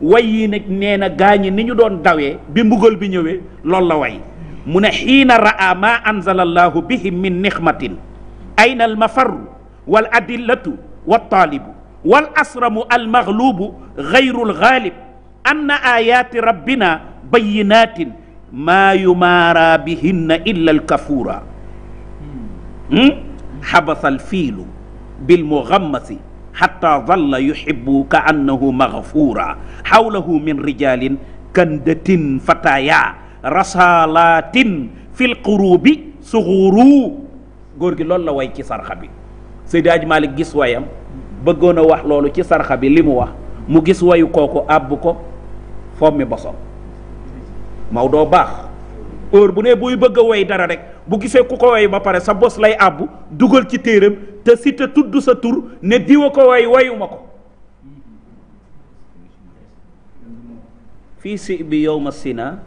way yi nag nee na gaañi ni ñu doon dawee bi mbugal bi ñëwee lool la way mu ne xiina ra'a maa anzala allahu bihim min nixmatin ayna almafarru wal adillatu wa taalibu wal asramu almaghlubu gayrul ghalib anna ayaati rabbina bayyinatin maa yumaara bihinna illa alkafuura xabasa hmm? alfiilu bilmugammasi xataa dalla yuxibu ka annahu magfuura xawlahu min rijaalin kandatin fataaya rasalaatin fi lqurubi suxuru góor gi loolu la way ci sarxa bi Seydi Aj Malik gis wayam bëggoon a wax loolu ci sarxa bi li mu wax mu gis wayu kooku àbb ko foom mi bosom maw doo baax heure bu ne buy bëgg a woy dara rekk bu gisee ku ko woy ba pare sa bos lay àbb dugal ci téeram te si te tudd sa tur ne diwa ko woy woyuma ko fii si bi yow ma sina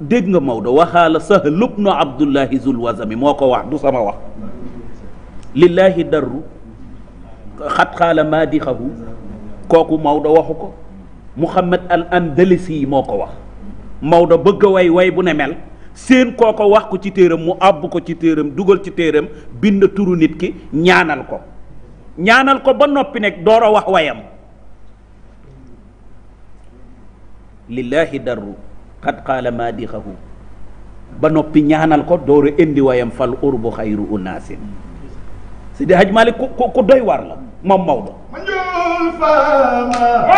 dégg nga Maodo waxaala sahlubnu abdullahi zulwazami moo ko wax du sama wax lillaahi darru xat xaala maadixahu kooku Maodo waxu ko Muhammad al Andalisi moo ko wax Maodo bëgg a way way bu ne mel seen kooko wax ko ci téeram mu àbb ko ci téeram dugal ci téeram bind turu nit ki ñaanal ko ñaanal ko ba noppi nekk door wax wayam lillaahi darru xat xaala maadixahu ba noppi ñaanal ko door indi wayam fal urbu xayru unaasin Seydi Hadj Malick ku ku doy waar la moom Maodo. Moodu da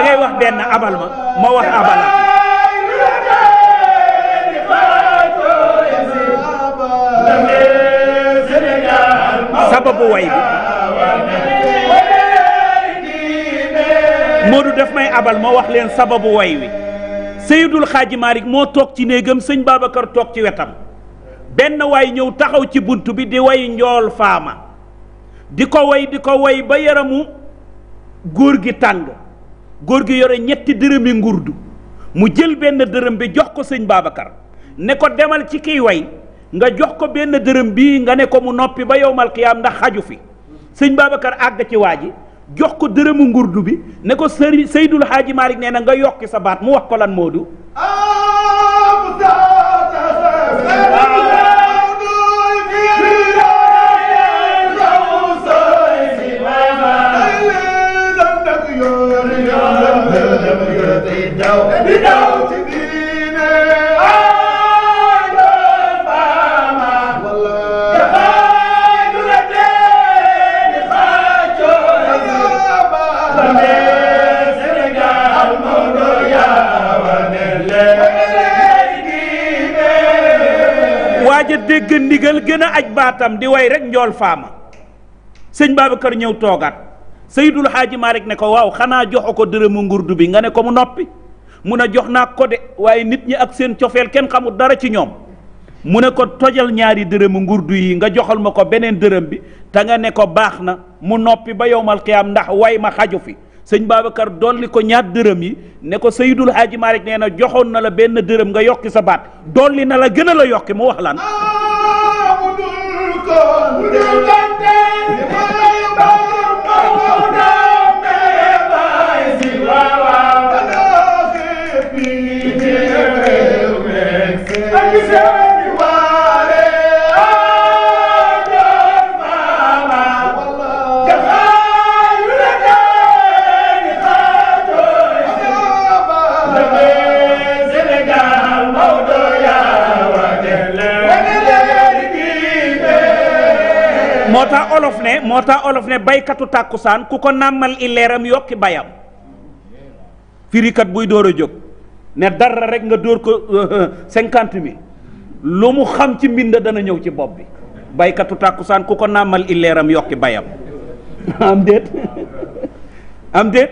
ngay wax abal ma ma wax abala. sababu way bi may abal ma wax leen sababu way wi Seydul Xaaji moo toog ci néegam sëñ Babacar toog ci wetam benn waay ñëw taxaw ci bunt bi di way njool faama di ko way di ko way ba yaramu góor gi tàng góor gi yore ñetti dërëmi ngurdu mu jël benn dërëm bi jox ko sëñ Babacar ne ko demal ci kiy way nga jox ko benn dërëm bii nga ne ko mu noppi ba yowmal qiyaam ndax xaju fi sëñ Babacar àgg ci waa ji jox ko dërëmu ngurdu bi ne ko sëri Seydul Xaaji Maalik nee na nga yokki sa baat mu wax ko lan moo du dégg ndigal gën a aj baatam di way rek njool ma sëñ Babacar ñëw toogaat Seydul Xaaji Maalik ne ko waaw xanaa joxu ko dërëmu ngurdu bi nga ne ko mu noppi mun a jox naa ko de waaye nit ñi ak seen cofeel kenn xamul dara ci ñoom mu ne ko tojal ñaari dërëmu ngurdu yi nga joxal ma ko beneen dërëm bi te nga ne ko baax na mu noppi ba yowmal qiyaam ndax way ma xaju fi sëñ Babacar dolli ko ñaar dërëm yi ne ko Seydul Haaji Malick nee na joxoon na la benn dërëm nga yokki sa baat dolli na la gën a la yokki mu wax lan Yeah. moo tax olof ne moo tax olof ne baykatu tàkkusaan ku ko nàmmal illeeram yokki bayam firikat buy door a jóg ne dara rek nga dóor ko cinquante mille lu mu xam ci mbind dana ñëw ci bopp bi baykatu tàkkusaan ku ko nàmmal illeeram yokki bayam am déet am déet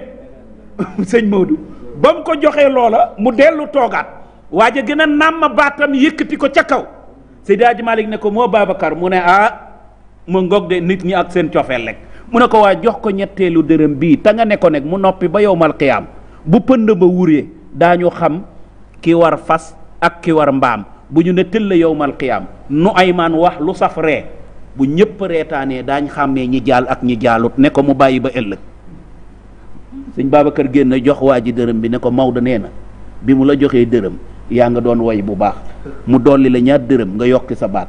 sëñ Maodo ba mu ko joxee loola mu dellu toogaat waaja gën a nàmm baatam yëkkati ko ca kaw Seydi Hadji Malick ne ko moo baabakar mu ne ah mu ngoog de nit ñi ak seen cofeel lekk mu ne ko waa jox ko ñetteelu dërëm bii ta nga ne ko nag mu noppi ba yowmal qiyaam bu pënd ba wuree daañu xam ki war fas ak ki war mbaam bu ñu ne tëll yowmal qiyaam nu ay maan wax lu saf ree bu ñëpp reetaanee daañ xàmmee ñi jaal ak ñi jaalut ne ko mu bàyyi ba ëllëg sëñ kër génn jox waa ji dërëm bi ne ko Maodo nee na bi mu la joxee dërëm yaa nga doon woy bu baax mu dolli la ñaar dërëm nga yokki sa baat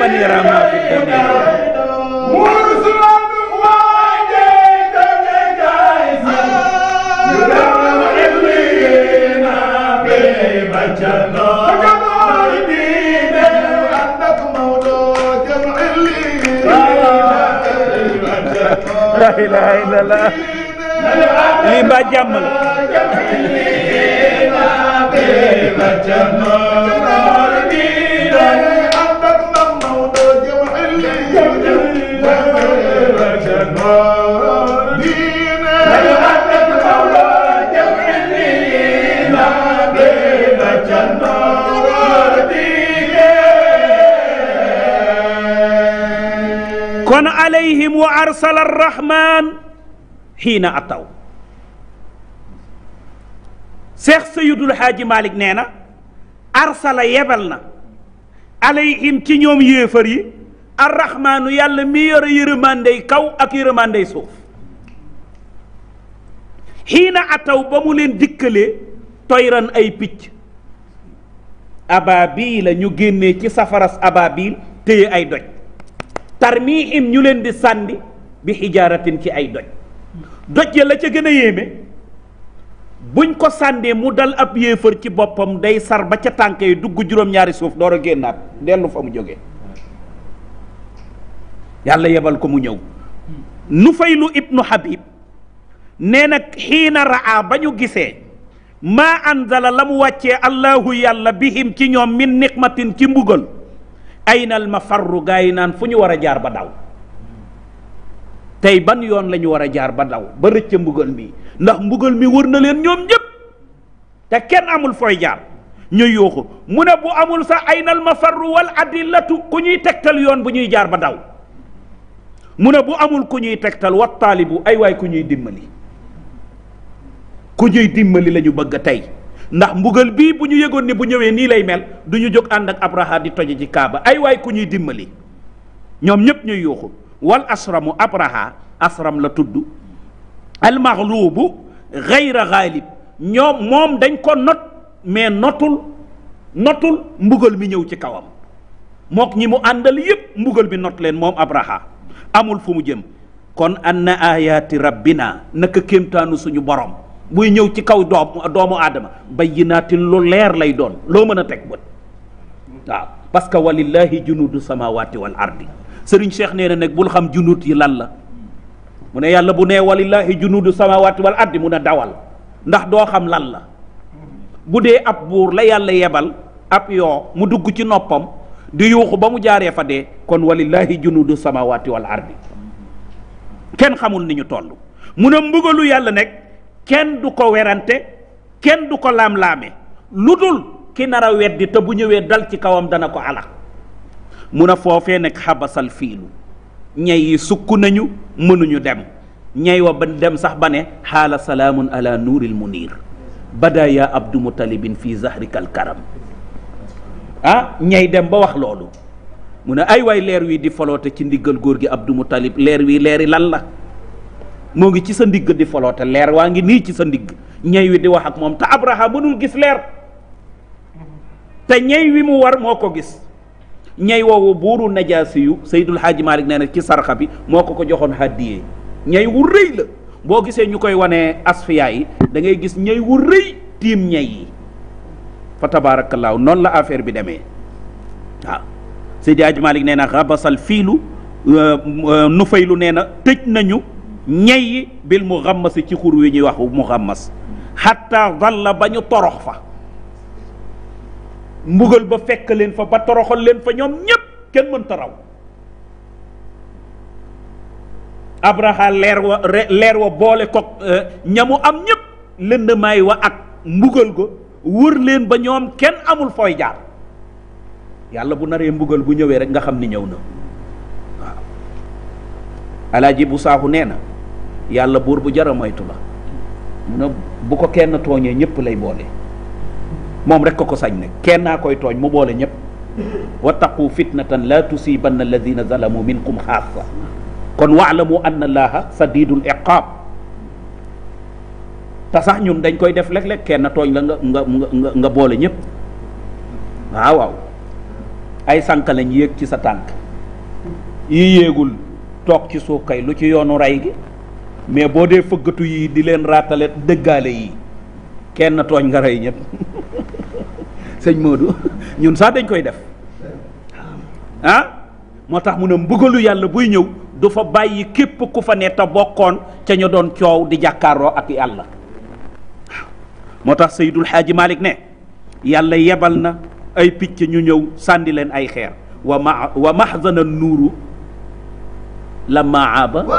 من يرى ما في الدنيا la ilaha illallah lii ba jàmm la kon alayhim wa arsala arrahman xiina ataw seex sayidul xaaji malik nee na arsala yebal na alayhim ci ñoom yéefar yi arrahmaanu yàlla mi yore yërëmandey kaw ak yërëmandey suuf xiina ataw ba mu leen dikkalee toyran ay picc ababil la ñu génnee ci safara ababil téye ay doj tarmihim ñu leen di sàndi bi xijaaratin ci ay doj doj ya la ca gën a yéeme buñ ko sàndee mu dal ab yéefar ci boppam day sar ba ca tànk yi dugg juróom-ñaari suuf door a génnaat dellu fa mu jógee yàlla yebal ko mu ñëw Nufaylu ibnu Habib nee na xiina raa ba ñu gisee maa anzala la mu wàccee allahu yàlla bihim ci ñoom min niqmatin ci mbugal aynal ma farru gaa yi naan fu ñu war a jaar ba daw tey ban yoon lañu war a jaar ba daw ba rëcc mbugal mi ndax mbugal mi wër na leen ñoom ñëpp te kenn amul fooy jaar ñu yuuxu mu ne bu amul sax aynal ma farru wal adillatu ku ñuy tegtal yoon bu ñuy jaar ba daw mu ne bu amul ku ñuy tegtal wa taalibu ay waay ku ñuy dimbali ku ñuy dimbali lañu bëgg a tey ndax mbugal bii bu ñu yégoon ni bu ñëwee nii lay mel du ñu jóg ànd ak abraha di toje ci kaaba ay waay ku ñuy dimbali ñoom ñépp ñuy yuuxu wal asramu abraha asram la tudd almaxluubu gayra xaalib ñoom moom dañ ko not mais notul notul mbugal mi ñëw ci kawam mook ñi mu àndal yépp mbugal bi not leen moom abraha amul fu mu jëm kon an na ayaati rabbina naka kéemtaanu suñu borom buy ñëw ci kaw doom doomu aadama bayyinaatin lu leer lay doon loo mën a teg bët waaw parce que walillahi junudu samawati wal ardi sëriñ Cheikh nee na nag bul xam junut yi lan la mu ne yàlla bu nee walillahi junudu samawati wal ardi mun a dawal ndax doo xam lan la bu dee ab buur la yàlla yebal ab yoo mu dugg ci noppam di yuuxu ba mu jaaree fa dee kon walillahi junudu samawati wal ardi kenn xamul ni ñu toll mu ne mbugalu yàlla nekk kenn du ko werante kenn du ko laam-laame lu dul ki nar a weddi te bu ñëwee dal ci kawam dana ko alax mu ne foofee nekk xabasal fiilu ñay yi sukk nañu mënuñu dem ñay wa ba dem sax ba ne xaala salaamun ala nuuril munir bada yaa abdu mutalibin fii zahrikal karam ah ñay dem ba wax loolu mu ne ay waay leer wi di foloote ci ndiggal góor gi Abdou Moutalib leer wii leeri lan la moo ngi ci sa ndigg di foloote leer waa ngi nii ci sa ndigg ñay wi di wax ak moom te Abraha mënul gis leer te ñay wi mu war moo ko gis ñay woowu buuru najaasi yu Seydul Haaji Malik nee na ci sarxa bi moo ko ko joxoon haddiyee ñay wu rëy la boo gisee ñu koy wanee asfiya yi dangay gis ñay wu rëy tiim ñay yi fa tabaarakallaahu noonu la affaire bi demee waaw Seydi Hadji Malick nee na fiilu euh, euh, nu faylu nee na tëj nañu ñey bil mu xammasi ci xur wi ñuy wax mu xammas xatta dalla ba ñu torox fa mbugal ba fekk leen fa ba toroxal leen fa ñoom ñépp kenn mënta raw abraha leer wa leer wa boole koog euh, ñamu am ñépp lëndamaay wa ak mbugal ko wër leen ba ñoom kenn amul fooy jaar yàlla bu naree mbugal bu ñëwee rek nga xam ni ñëw na waaw alaaji bu saaxu nee na yàlla buur bu jara moytu la mu bu ko kenn tooñee ñëpp lay boole moom rek ko ko sañ ne kenn naa koy tooñ mu boole ñëpp wa taqu fitnatan la tusibanna alladina zalamu minkum xaasa kon waalamu anna allaha sadidul iqaab te sax ñun dañ koy def léeg-léeg kenn tooñ la nga nga nga nga boole ñëpp waaw waaw ay sànq lañ yéeg ci sa tànk yi yéegul toog ci suuf kay lu ci yoonu rey gi mais boo dee fëggatu yi di leen raatale dëggaale yi kenn tooñ nga rey ñëpp sëñ Modou ñun sax dañ koy def ah, ah moo tax mu ne mbugalu yàlla buy ñëw du fa bàyyi képp ku fa ne te bokkoon ca ñu doon coow di jàkkaarloo ak yàlla moo tax Seydul Xaaji Malik ne yàlla yebal na ay picc ñu ñëw sànni leen ay xeer wa ma wa mahzana nuuru la maaba wa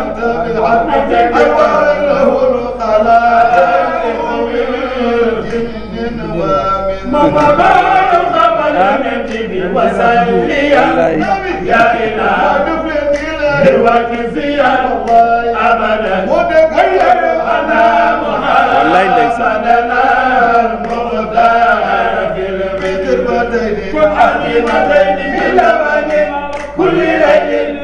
عبدك وله الخلائق من جن ومن وقبل قبل نبي وسليا يا إله بالوكفي الله أبدا أنا محمدنا المختار في الفترتين حبيبتين بلبن كل ليل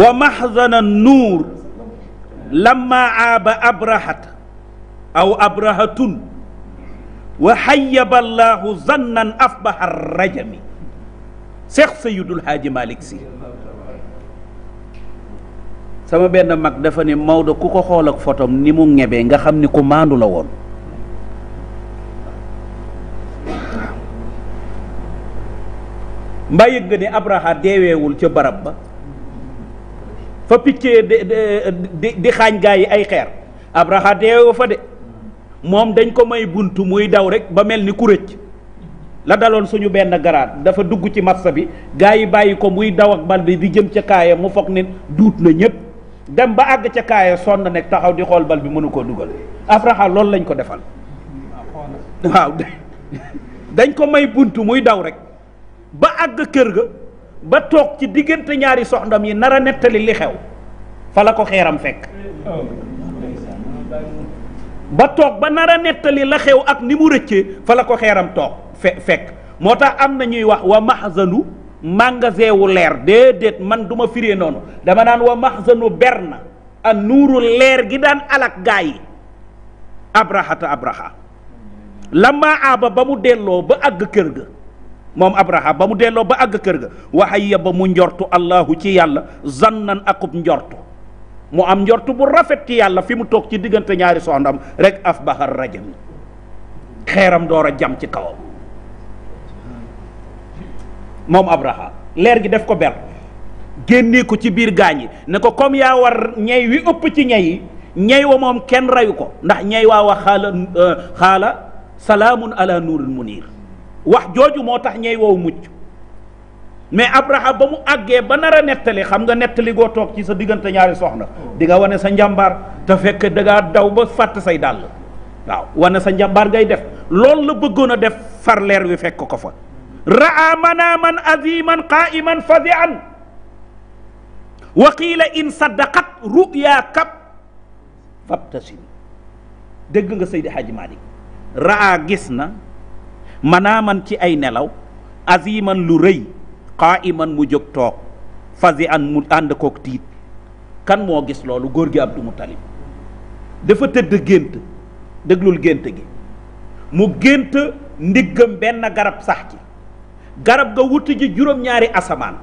wa maxzana nuur lamma aaba abrahat aw abrahatun wa xayaba allahu zannan afbaha arrajami seex sayidul haaji malik si sama benn mag dafa ne Maodo ku ko xool ak fotom ni mu ñebee nga xam ni ku maandu la woon mbayit yëg nga ni Abraha deeweewul ca barab ba fa piccee di di di xaañ gaa yi ay xeer Abraha deewe fa de moom dañ ko may bunt muy daw rek ba mel ni ku rëcc la daloon suñu benn garaat dafa dugg ci match bi gaa yi bàyyi ko muy daw ak bal bi di jëm ca kaaya mu foog ne duut na ñëpp dem ba àgg ca kaaya sonn nekk taxaw di xool bal bi mënu koo dugal Afraxa loolu lañ ko defal waaw dañ ko may bunt muy daw rek ba àgg kër ga ba toog ci diggante ñaari soxndam yi nar a nettali li xew fa la ko xeeram fekk oh. ba toog ba nar a nettali la xew ak ni mu rëccee fa la ko xeeram toog fekk moo tax am na ñuy wax wa mahzanu magasin wu leer déedéet man duma fire noonu dama naan wa mahzanu berna a nuuru leer gi daan alak gaa yi abrahata abraha lamma aaba ba mu delloo ba àgg kër ga moom abraha ba mu delloo ba àgg kër ga waxa yebba mu njortu allahu ci yàlla zannan akub njortu mu am njort bu rafet ci yàlla fi mu toog ci diggante ñaari soxndam rek af bahar rajam xeeram door a jam ci kawam moom abraha leer gi def ko ber génne ko ci biir gaañ yi ne ko comme yaa war ñey wi ëpp ci ñey yi ñey wa moom kenn reyu ko ndax ñey waa wax xaala euh, xaala salaamun ala nuurul munir wax jooju moo tax ñey wow mucc mais Abraha ba mu àggee ba nar a nettali xam nga nettali goo toog ci sa diggante ñaari soxna di nga wane sa njàmbaar te fekk dangaa daw ba fàtt say dàll waaw wane sa njàmbaar ngay def loolu la bëggoon a def farleer wi fekk ko fa raa manaaman aziman qaiman fadian wa qiila in saddaqat ruyaakab fabtasim dégg nga Seydi Hadji Malick raa gis na manaaman ci ay nelaw aziman lu rëy i man mu jóg toog fasi an mu ànd koo tiit kan moo gis loolu góor gi Abdu Mutalib dafa tëdd gént déglul gént gi mu gént ndiggam benn garab sax ci garab ga wuti juróom-ñaari asamaan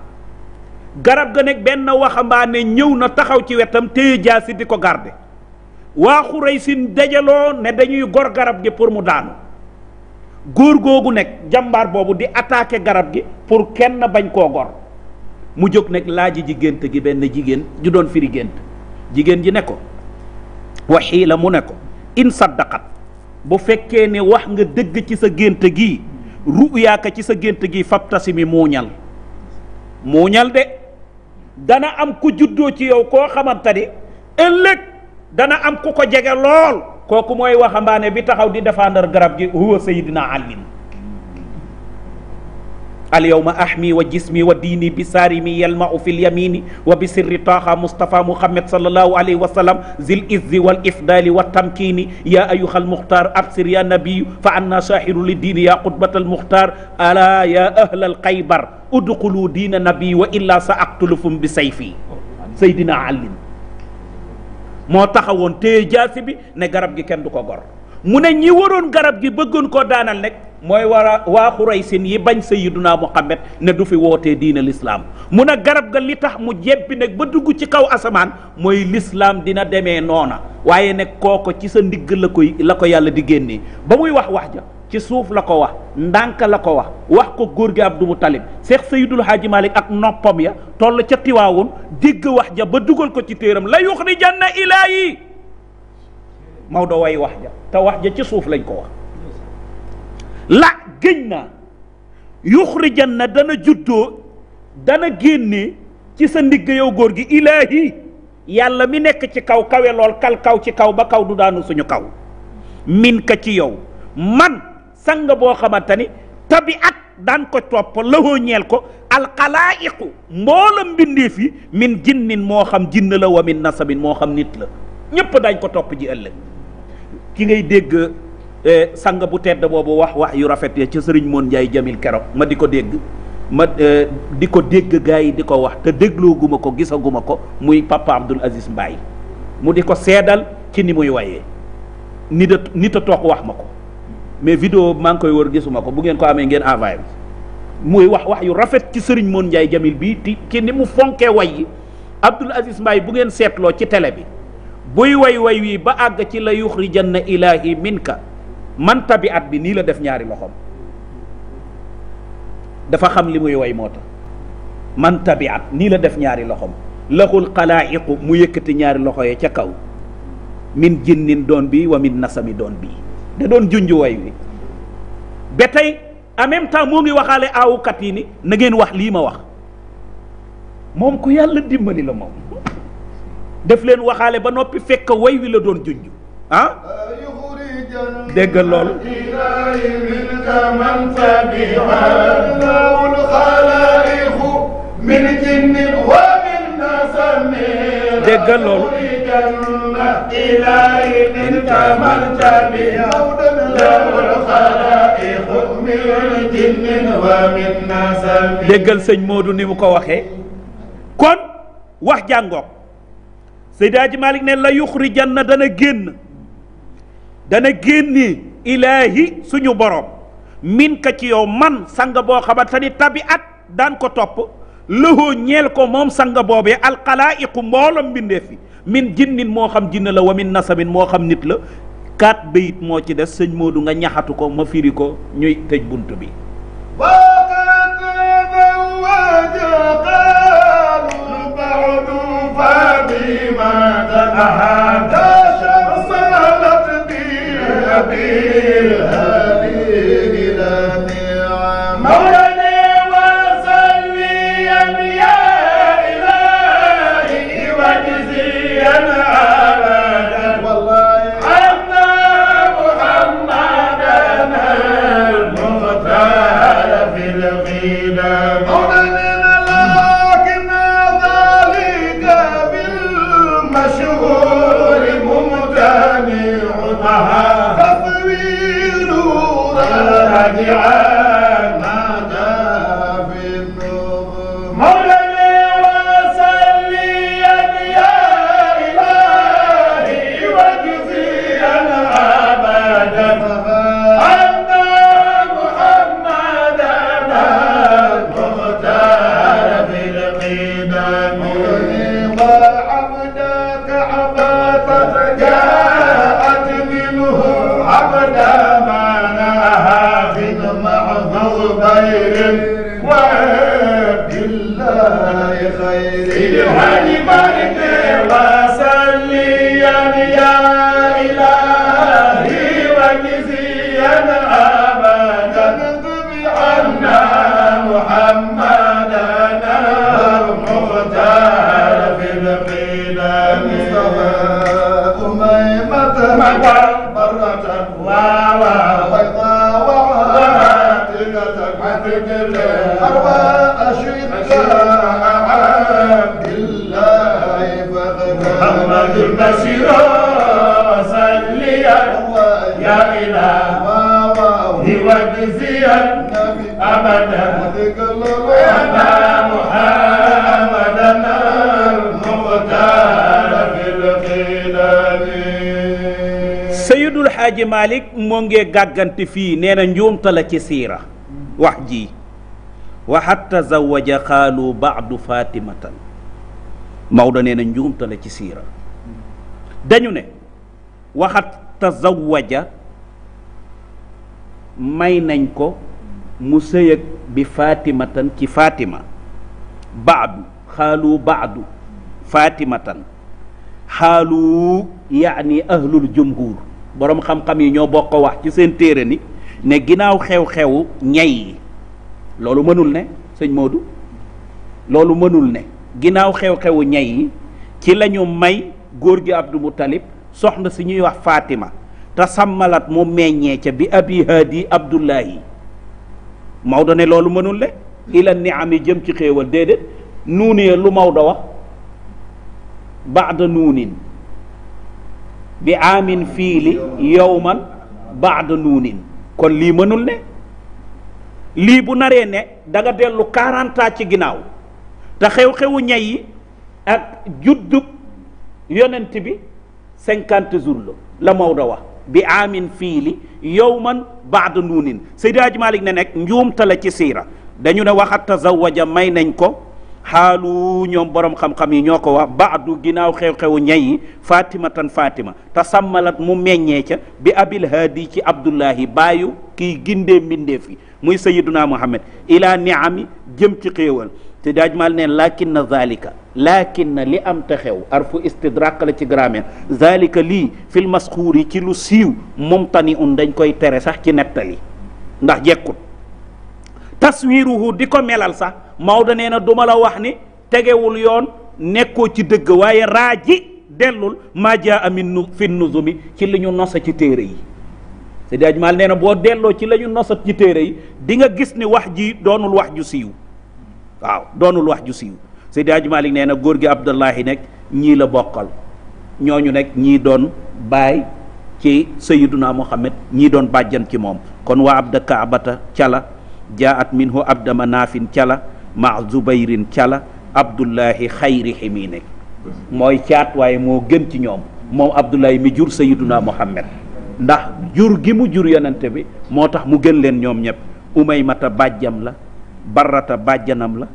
garab ga nekk benn waxambaane ñëw na taxaw ci wetam téye jaasi di ko garde rey si dajaloo ne dañuy gor garab gi pour mu daanu góor googu nekk jàmbaar boobu di attaquer garab gi pour kenn bañ koo gor mu jóg nag laaji ji gént gi benn jigéen ju doon firi gént jigéen ji ne ko waxii la mu ne ko in saddaqat bu fekkee ne wax nga dëgg ci sa gént gii ruyaaka ci sa gént gii fabtasi mi muuñal muuñal de dana am ku juddoo ci yow koo xamante ni ëllëg dana am ku ko jege lool kooku mooy waxambaane bi taxaw di défendre garab gi huwa sayidina alin alyawma ahmi wa jismi wa diini bi saarimi yalmau fi lyamini wa bi sirri taaha mustapha muhammad salallahu alayhi wa sallam zil izzi wal ifdali wa tamkini ya ayuha almuxtaar absir ya nabiyu fa anna saahiru li diini ya qutbat almuxtaar ala ya ahla alxaybar udxulu diina nabi wa illa sa aqtulukum bi sayfi sayidina alin moo taxawoon téye jaasi bi ne garab gi kenn du ko gor mu ne ñi waroon garab gi bëggoon koo daanal nekk mooy waa rey xuraysin yi bañ yidu naa muhammad ne du fi wootee diina lislaam mu ne garab ga li tax mu jebbi nag ba dugg ci kaw asamaan mooy lislaam dina demee noona waaye nag kooko ci sa ndigg la koy la ko yàlla di génnee ba muy wax wax ja ci suuf la ko wax ndànk la ko wax wax ko góor gi ab Abdou Moutalib Seex Seydul Haaji Malik ak noppam ya toll ca Tiwaawoon dégg wax ja ba dugal ko ci téeram la yuxrijanna ilaahi Maodo way wax ja te wax ja ci suuf lañ ko wax la gëñ naa yuxrijanna dana juddoo dana génne ci sa ndigg yow góor gi ilaahi yàlla mi nekk ci kaw kawe lool kal kaw ci kaw ba kaw du daanu suñu kaw min ka ci yow man sang boo xamante ni tabiat daan ko topp lawoo ñeel ko alxalaayiqu mboolam mbindeef yi min jinnin moo xam jinn la wa min nasabin moo xam nit la ñépp dañ ko topp ji ëllëg ki ngay dégg eh, sang bu tedd boobu wax wax yu rafet ya ca sëriñ moon njaay jamil keroog ma di ko dégg ma eh, di ko dégg gars yi di ko wax te déglooguma ko gisaguma ko muy papa Abdoul Aziz Mbaye mu di ko seedal ci ni muy wayee nit a nit a toog wax ma ko mais video maa ngi koy wër gisuma ko bu ngeen ko amee ngeen envoyé muy wax wax yu rafet ci sëriñ Moon Njaay Jamil bii ti ci ni mu fonkee way yi Abdoul Aziz Mbaye bu ngeen seetloo ci tele bi buy way woy wii ba àgg ci la yuxrijanna ilaahi minka man tabi at bi nii la def ñaari loxoom dafa xam li muy woy moo tax man tabi at nii la def ñaari loxoom laxul xalaayiqu mu yëkkati ñaari loxo ya ca kaw min jinnin doon bi wa min nasami doon bii da doon junj way wi ba tey en même temps moo ngi waxaale aawukat yi ni na ngeen wax lii ma wax moom ku yàlla dimbali la moom def leen waxaale ba noppi fekk woy wi la doon junj ah dégg loolu min déggal loolu déggal sëñ ni mu ko waxee kon wax jàngoog Seydi Hadji Malick ne la yuxrijanna dana génn dana génni ilaahi suñu borom min ci yow man sang boo xamante ni tabi daan ko topp lëhoo ñeel ko moom sanga boobee alxalaayiqu mboolom mbindeef yi min jinnin moo xam jinn la wa min nasabin moo xam nit la quatre bayit moo ci des sëñ Moodu nga ñaxatu ko ma firi ko ñuy tëj bunt bi Seyidul Xaaji Malik moo ngee gàggante fii nee na njuumta la ci siira wax ji wa xatta xaalu baadu fatimatan Maodo nee na njuumte ci siira dañu ne waxat tazawaja may nañ ko mu sëyëg bi fatimatan ci fatima baadu xaalu baadu fatimatan xaalu yaani ahlul jumhur boroom xam-xam yi ñoo bokk wax ci seen téere ni ne ginnaaw xew-xewu ñay yi loolu mënul ne sëñ Modou loolu mënul ne ginnaaw xew-xewu ñay yi ci lañu may góor gi Abdou Moutalib soxna si ñuy wax faatima te sàmmalat mu meññee ca bi abi haadi Abdullahi Maodo ne loolu mënul ne ila niami jëm ci xéewal déedéet nuunee lu Maodo wax baada nuunin bi aamin fiili yowman baada nuunin kon lii mënul ne lii bu naree ne danga dellu 40 ci ginnaaw te xew-xewu ñay yi ak juddub yonent bi cinquante jours la la Maodo wax bi amin fii li yowman baada nuunin Seydi Hadji Malick ne nekk njuumta la ci siira dañu ne waxat tazawaja may nañ ko xaalu ñoom boroom xam-xam yi ñoo ko wax baadu ginnaaw xew-xewu ñayi fatimatan fatima te sàmmalat mu meññee ca bi abil haadi ci abdullahi baayu kiy gindee mbindeef yi muy sayiduna muhammad ila niami jëm ci xéewal te daajmal neen laakin na laakin na li am te xew arfu istidrak la ci grammaire zalika lii fil masxuur yi ci lu siiw mumtani un dañ koy tere sax ci nettali ndax jekkut taswiruhu di ko melal sax Maodo nee na duma la wax ni tegewul yoon nekkoo ci dëgg waaye raaji dellul maa ami min fi nuzumi ci li ñu nosa ci téere yi Seydi Hadji Malick nee boo delloo ci lañu ñu nosat ci téere yi di nga gis ni wax ji doonul wax ju siiw waaw doonul wax ju siiw Seydi Hadji Malick nee na góor gi Abdullahi nekk ñii la bokkal ñooñu nekk ñii doon baay ci Sayyiduna Muhammad ñii doon bàjjan ci moom kon waa abda kaabata cala jaat minhu abda manaafin cala ma zubayrin cala abdullahi xayri ximiine mooy caat waaye moo gën ci ñoom moom abdullahi mi jur sayiduna muhammad ndax jur gi mu jur yonente bi moo tax mu gën leen ñoom ñëpp umaymata bàjjam la barata bàjjanam la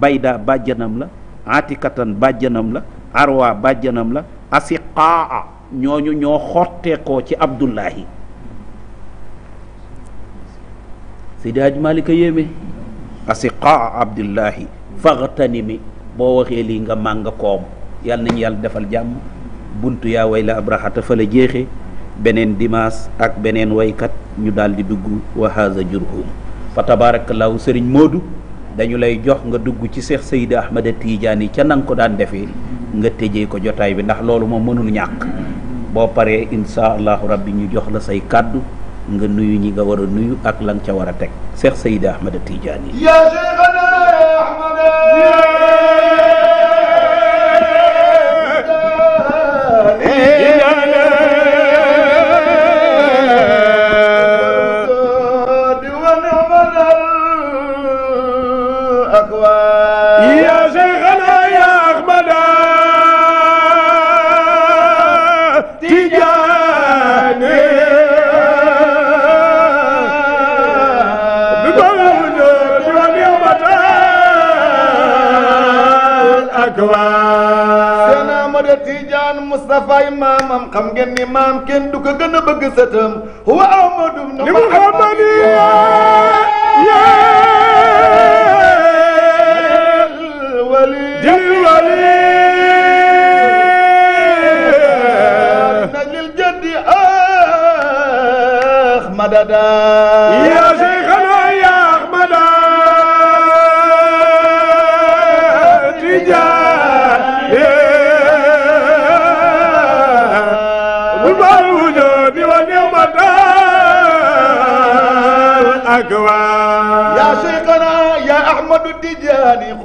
bayda bàjjanam la atikatan bàjjanam la arwa bàjjanam la asiqaa ñooñu ñoo xotteekoo ci abdullahi Seydi Hadj Malick a yéeme asiqa abdillahi mi boo waxee lii nga màng koom yàlla nañu yàlla defal jàmm buntu yaa way la abrahata fa la beneen dimaas ak beneen waykat ñu daal di dugg wa haza jurhum fa tabarakallahu sëriñ Modou dañu lay jox nga dugg ci Cheikh Seydi Ahmada Tidiane ca nanga ko daan defee nga tëjee ko jotaay bi ndax loolu moom mënul ñàkk boo paree insha allahu rabbi ñu jox la say kàddu nga nuyu ñi nga war a nuyu ak lan ca war a teg Cheikh Seydi Ahmad tiijaan yi naan Moustapha maamam xam ngeen ni maam kenn du ko gën a bëgg sëtam wa Ahmadu li mu xamani yee wali dil wali nag lil jaddi ah madada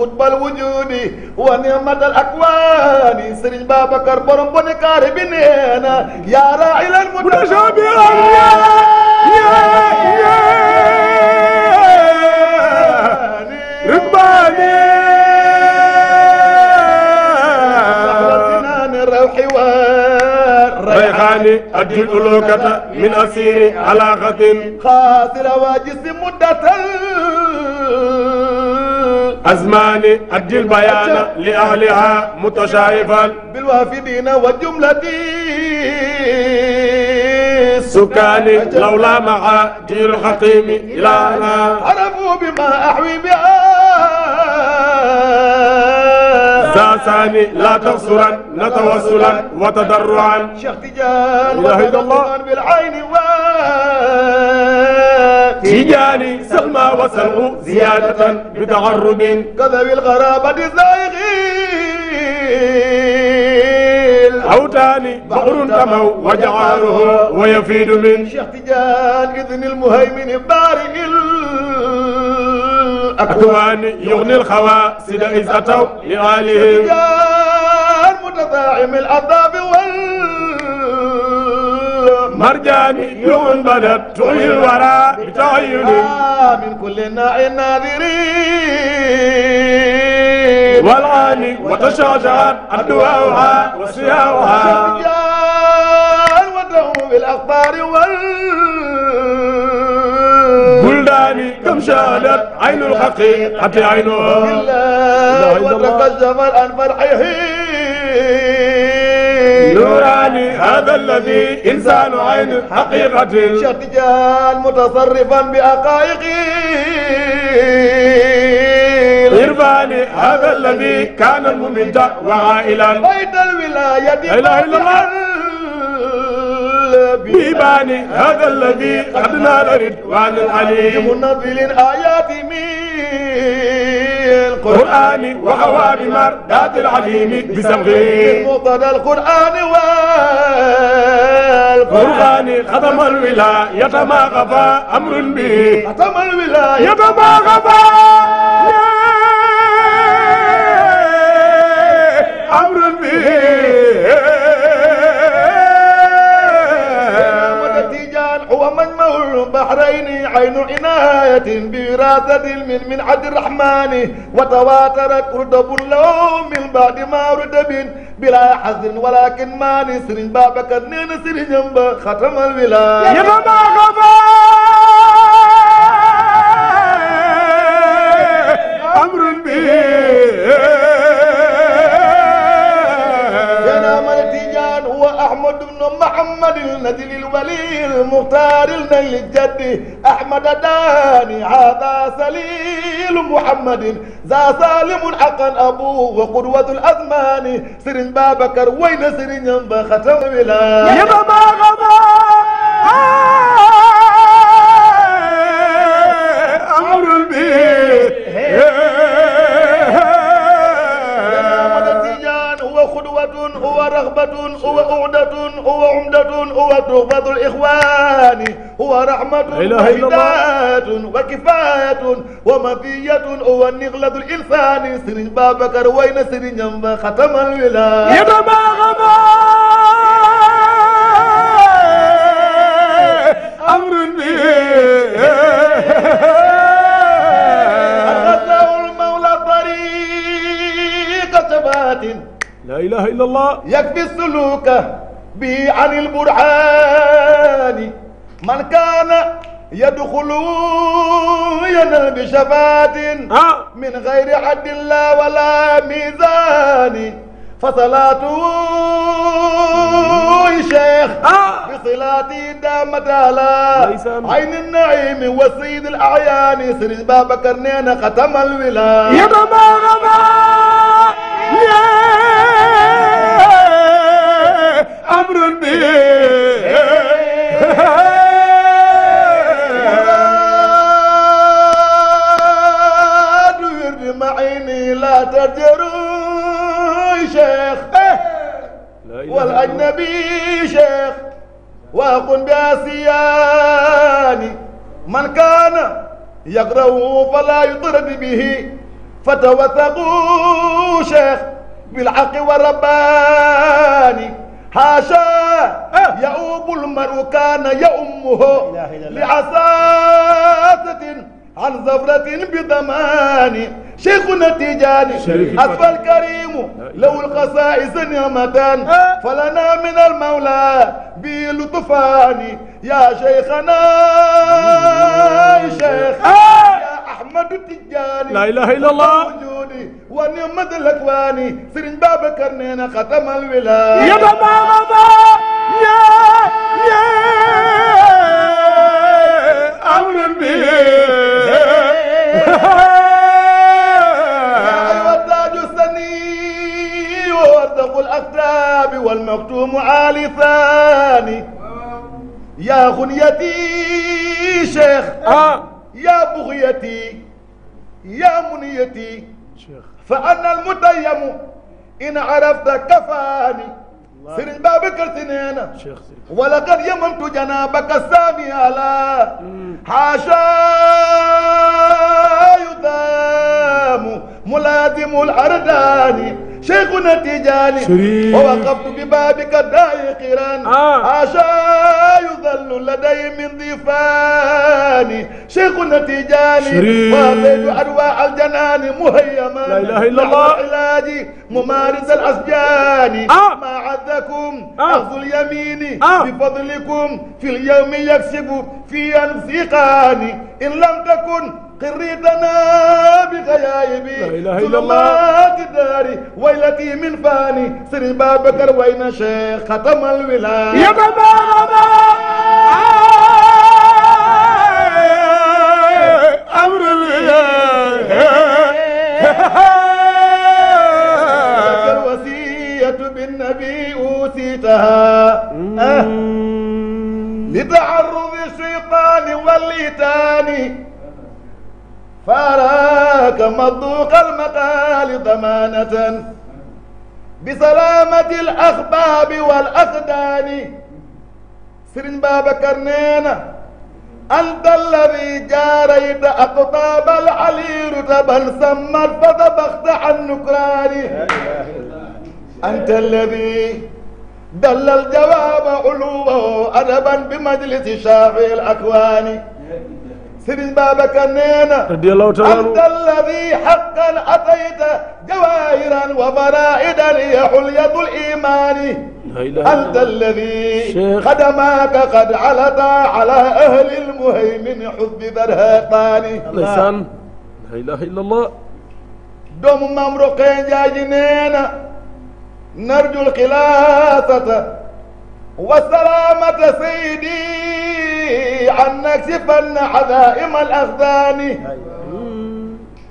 xutbal wujudi wa ni'matal akwaani Serigne Babacar borom boni kaare bi nee na yaa raa'ilal mutashabihat yaa rubbaani ريحاني أدي الألوكة من أسير علاقة خاسر واجس مدة أزمان أدي البيان لأهلها متشائفا بالوافدين والجملة سكان لولا مع جيل الحكيم إلى أنا عرفوا بما أحوي بها ساساني لا تقصرا نتوسلا وتضرعا شيخ تجان الله بالعين و تجاني سلمى وسلم زيادة بتعرب كذوي الغرابة الزائغين أوتاني بحر تمو وجعاله ويفيد من شيخ تجان إذن المهيمن البارئ أكواني يغني الخواسد إذ أتوا لآلهم تجان متفاعم الأضاب مرجاني يوم بدت تغير الورى بتغير من كل ناع ناذرين والعاني وتشعشعت أدواؤها وصياؤها ودعوا بالأخبار وال بلداني كم شهدت عين الحقيق حتى عينها بالله وتكشف الأنفر حيحين نوراني هذا الذي إنسان عين حقيقة شيخ تجال متصرفا بأقائقه إرباني هذا الذي كان مميتا وعائلا بيت الولاية إله إلا الله بيبان هذا الذي قد نال رضوان العليم منزل الآيات من القرآن وهوى بمردات العليم بسمغير مقتضى القرآن والقرآن ختم الولاية ما غفى أمر به ختم الولاية ما غفى أمر به البحرين عين عناية بوراثة من منعة الرحمن وتواتر كردب له من بعد ما ردب بلا حزن ولكن ما نسر بابك نسر جنب ختم الولاية يبما غبا أمر به بالنجل الولي المختار النيل الجد أحمد داني هذا سليل محمد ذا سالم حقا أبوه وقدوة الأزمان سرين بابكر وين سرين ينبا ختم بلا يبا ما غبا عقبة هو عقدة هو عمدة هو تربة الإخوان هو رحمة وهداة وكفاية ومطية هو النغلة الإنسان سرين بابكر وين سرين ينبا ختم الولاية يدما غما أمر به ثبات la ilaha illa allah yakfi suluka bi an il burhani man kaana yadxulu yanal bi shafaatin min gayri haddillah wala mizaani fa salaatu cheikh bi silaati daamat ala ayni naimi wa sayid al ayaani sëriñ Babacar nee na xatamal wilaaya والأجنبي شيخ وأقم بأسيان من كان يقرأه فلا يطرد به فتوثقوا شيخ بالحق والرباني حاشا يؤوب المرء كان يؤمه لعساسة عن زفرة بضمان شيخنا تجاني أسفى الكريم لو القصائص نعمتان فلنا من المولى بلطفان يا شيخنا شيخ ahmadu tijjaani la ilaha illallah wujudi wa ni'matul akwani sëriñ Babacar nee na xatamal wilaaya yaba maamama ye ye amrin bi الأكتاب والمكتوم عالي ثاني يا غنيتي شيخ آه. يا بغيتي yaa muniyati fa ana al mutayyamu in arafta kafaani sëriñ Babacar Si nee na wala qad yamantu janaabaka saami ala xaasha yudaamu mulaadimu al ardaani شيخنا تجاني ووقفت ببابك دائقرا عشاء يظل لدي من ضيفاني شيخنا تجاني وابيت أدواء الجنان مهيما لا إله إلا الله علاجي ممارس الأسجان ما عذكم أخذ اليمين بفضلكم في اليوم يكسب في أنفقاني إن لم تكن قريتنا بغيائبي ظلمات الدار ويلتي من فاني سري بابكر وين شيخ ختم الولاية يا بابا أمر الوصية بالنبي أوتيتها لتعرض الشيطان والإتان فأراك مضوق المقال ضمانة بسلامة الأخباب والأقدان سرين بابكر نينا أنت الذي جاريت أقطاب العليل تبا سمت فطبخت عن نكران أنت الذي دل الجواب علوه أدبا بمجلس شافي الأكوان sëriñ Babacar nee na radiyallahu taala anta alladi xaqan atayta jawaahiran wa faraidan hiya xulyatu limaani anta alladi xadamaaka qad alata ala ahli lmuhaymin xubbi barhaqaani ndeysaan la ilaha illa allah doomu maam roqee njaaji nee na narju lxilaasata wa salaamata sayidi عنك سفن عذائم الأخدان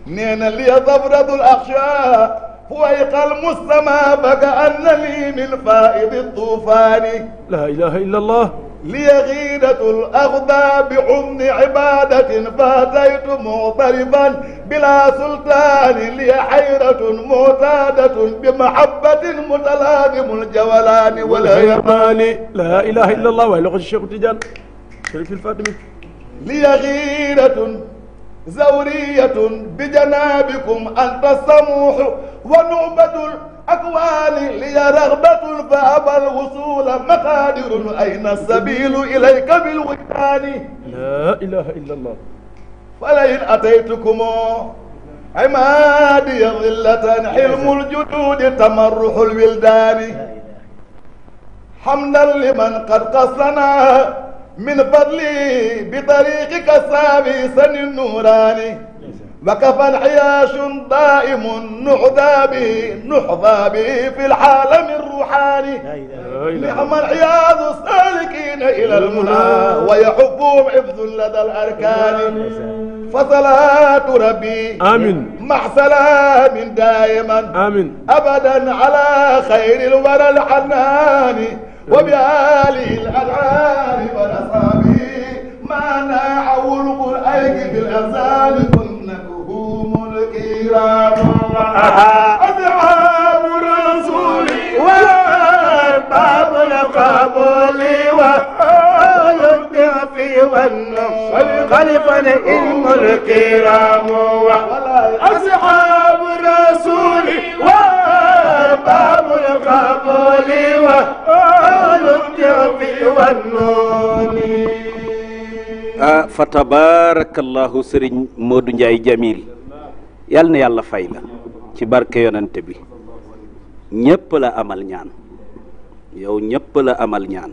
نينا لي ضبرد الأخشاء فويق المستمى فكأن لي من فائد الطوفان لا إله إلا الله لي غيرة الأغدى بحضن عبادة فأتيت مغتربا بلا سلطان لي حيرة معتادة بمحبة متلازم الجولان والهيمان لا إله إلا الله ويلغ الشيخ تجان شريف الفاطمي لي غيرة زورية بجنابكم أنت السموح ونعبد الأقوال لي رغبة فأبى الوصول مقادر أين السبيل إليك بالوجدان لا إله إلا الله فلئن أتيتكم عمادي ظلة حلم الجدود تمرح الولدان حمدا لمن قد قصنا من فضلي بطريقك السابي النوراني وكفى الحياش دائم نحظى به نحظى به في العالم الروحاني نعم العياذ السالكين الى المنى ويحبهم حفظ لدى الاركان فصلاة ربي آمين مع سلام دائما آمين أبدا على خير الورى الحنان وبآله الأدعار والأصحاب ما ناعوا القرآن بالأمثال كنكه منكرا أصحاب الرسول والباب القبول في والنصر خلفا العلم الكرام أصحاب الرسول والباب باب القبول واللطف fa tabarakallahu sëriñ Modou Ndiaye Jamil yal na yàlla fay la ci barke yonante bi ñépp la amal ñaan yow ñépp la amal ñaan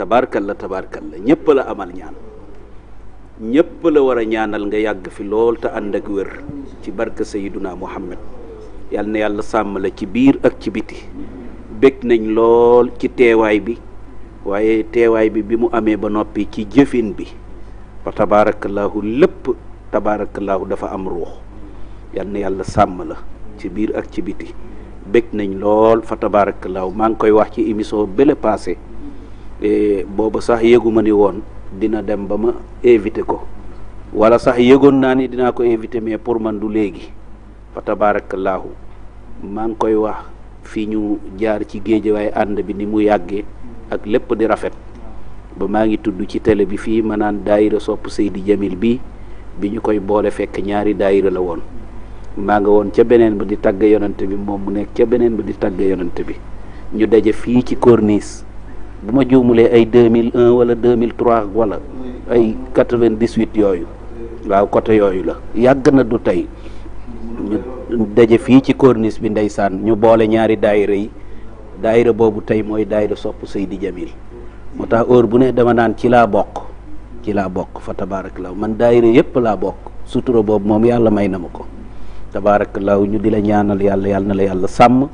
tabarkal la tabarkal la la amal ñaan ñëpp la war a ñaanal nga yàgg fi lool te ànd ak wér ci barke Sayyiduna Muhammad na yàlla sàmm la ci biir ak ci biti bég nañ lool ci teewaay bi waaye teewaay bi bi mu amee ba noppi ci jëfin bi ba tabaarakallaahu lépp tabaarakallaahu dafa am ruux na yàlla sàmm la ci biir ak ci biti bég nañ lool fa tabaarakallaahu maa ngi koy wax ci émission bële passé eh, booba sax yëgu ni woon dina dem ba ma invité ko wala sax yëgoon naa ni dinaa ko invité mais pour man du léegi fa tabaarakallaahu maa ngi koy wax fii ñu jaar ci géejawaay ànd bi ni mu yàggee ak lépp di rafet ba maa ngi tudd ci télé bi fii ma naan daayira sopp di Jamil bi bi ñu koy boole fekk ñaari daayira la woon maa nga woon ca beneen ba di tàgg yonante bi moom mu nekk ca beneen ba di tàgg yonante bi ñu daje fii ci korniis bu ma juumulee ay deux mille un wala deux mille wala ay quatre vingt dix huit yooyu waaw côté yooyu la yàgg na du tey ñu daje fii ci corniche bi ndeysaan ñu boole ñaari daayira yi daayira boobu tey mooy daayira sopp Seydi Jamil moo tax heure bu nee dama naan ci laa bokk ci laa bokk fa tabaarakallaahu man daayira yépp laa bokk sutura boobu moom yàlla may na ma ko tabaarakallaahu ñu di la ñaanal yàlla yàlla na la yàlla sàmm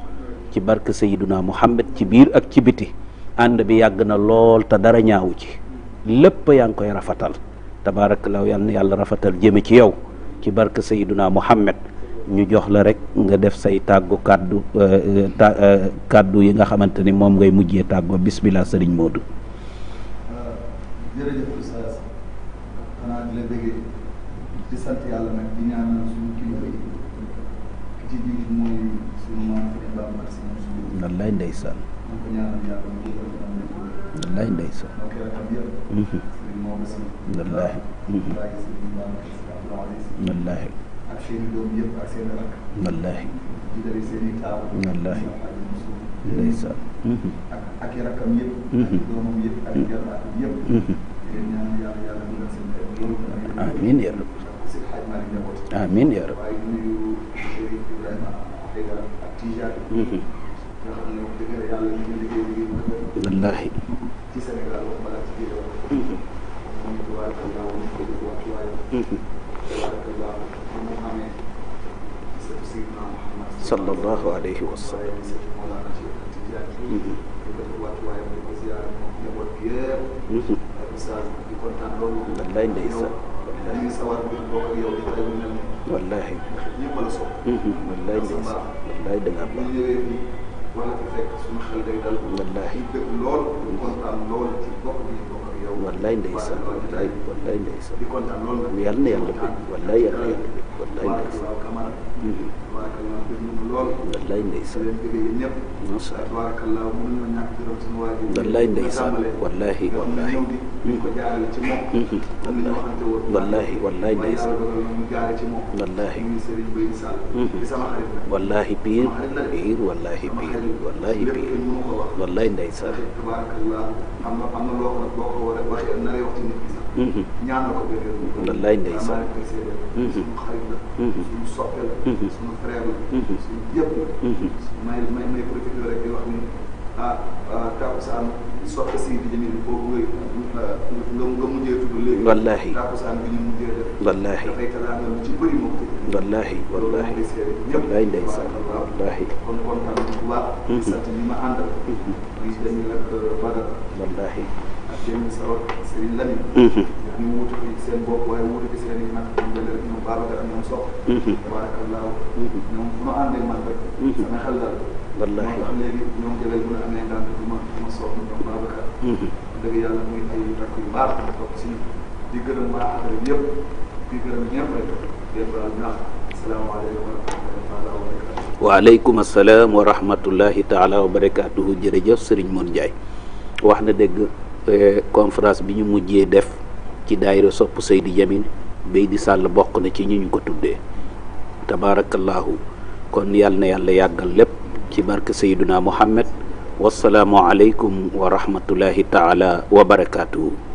ci barke Seydina Muhammad ci biir ak ci biti ànd bi yàgg na lool te dara ñaawu ci lépp yaa ngi koy rafatal tabaarakallaahu yal yàlla rafatal jéemé ci yow ci barke sayyiduna muhammad ñu jox la rek nga def say tàggu kàddu euh, euh, euh, kàddu yi nga xamante ni moom ngay mujjee tàggoo bismillah sëriñ Modou. jërëjëf la bëggee wallaahi ndeysaan wallaahi wallaahi wallaahi wallaahi ndeysaan ak rakkam yëpp ak doomam yëpp ak jaraatam yëpp amiin wallaahi sallallahu alayhi wa sallam wallaay ndeysaan wallaay wallaay ndeysaan wallaay da ngaa baax war na fi fekk suñu xel day dal. wallaahi bëgg lool di kontaan lool ci bokk bi ñu wallaahi ndeysaan wallaahi wallaahi na yàlla wallaahi yàlla tabarakallah gën ñu lool wallaay ndeysaan leen liggéey ñëpp masha Allah tabarakallah mën ñoo ñàkk gërëm suñu waajur wallaay ndeysaan wallahi wallahi ñu ko jaarale ci moom mm-hmm. wallahi wallahi wallahi ndeysaan ñu jaare ci moom wallahi ñu Serigne Baye Sall mm-hmm. di sama xarit wallahi pire pire wallahi pire wallahi pire wallahi ndeysaan tabarakallah am na am na loo xam ne boo ko war a waxee na lay wax ci nit ki sax mm-hmm. ñaanal ko wallahi ndeysaan suñu xarit la suñu soppe la frère la. Mhm. suñu yëpp la. Mhm. may may may profité rek di wax ni ah, ah tàkkusaan soxna si di jëmee boobu ah, nga nga nga mujjee tudd léegi. wallaahi tàkkusaan bi ñu mujjee def. wallaahi dafay talaata lu ci bëri moom. wallaahi wallaahi wallaahi ndeysaan wallaahi Cheikh Moussa ak Serigne Lamine. Mhm. nga xam ne wuute fi seen bopp waaye wuute fi seen i mag ñu jël rek ñoom Babacar ak ñoom Sox. Mhm. tabaarakallaahu. Mhm. ñoom bu ma àndee man rek. sama xel dal. wallaahi moo tax léegi ñoom jëlee bu la amee ndànk du ma du ma sox ñoom Babacar. dëgg yàlla muy ay rakk yu baax la topp si di gërëm baax ak yëpp di gërëm ñëpp rek yëpp daal ndax salaamaaleykum wa rahmatulah wa barakatuh. waaleykum asalaam wa rahmatullahi taala wa barakaatuhu jërëjëf Serigne Mor Ndiaye wax na dëgg. Eh, conférence bi ñu mujjee def ci daayira sopp Seydi Jamin béy di sàll bokk na ci ñi ñu ko tuddee tabaarakallaahu kon yàlla na yàlla yàggal lépp ci barke Seyduna Muhammad wasalaamu aleykum wa rahmatullahi taala wa barakaatuhu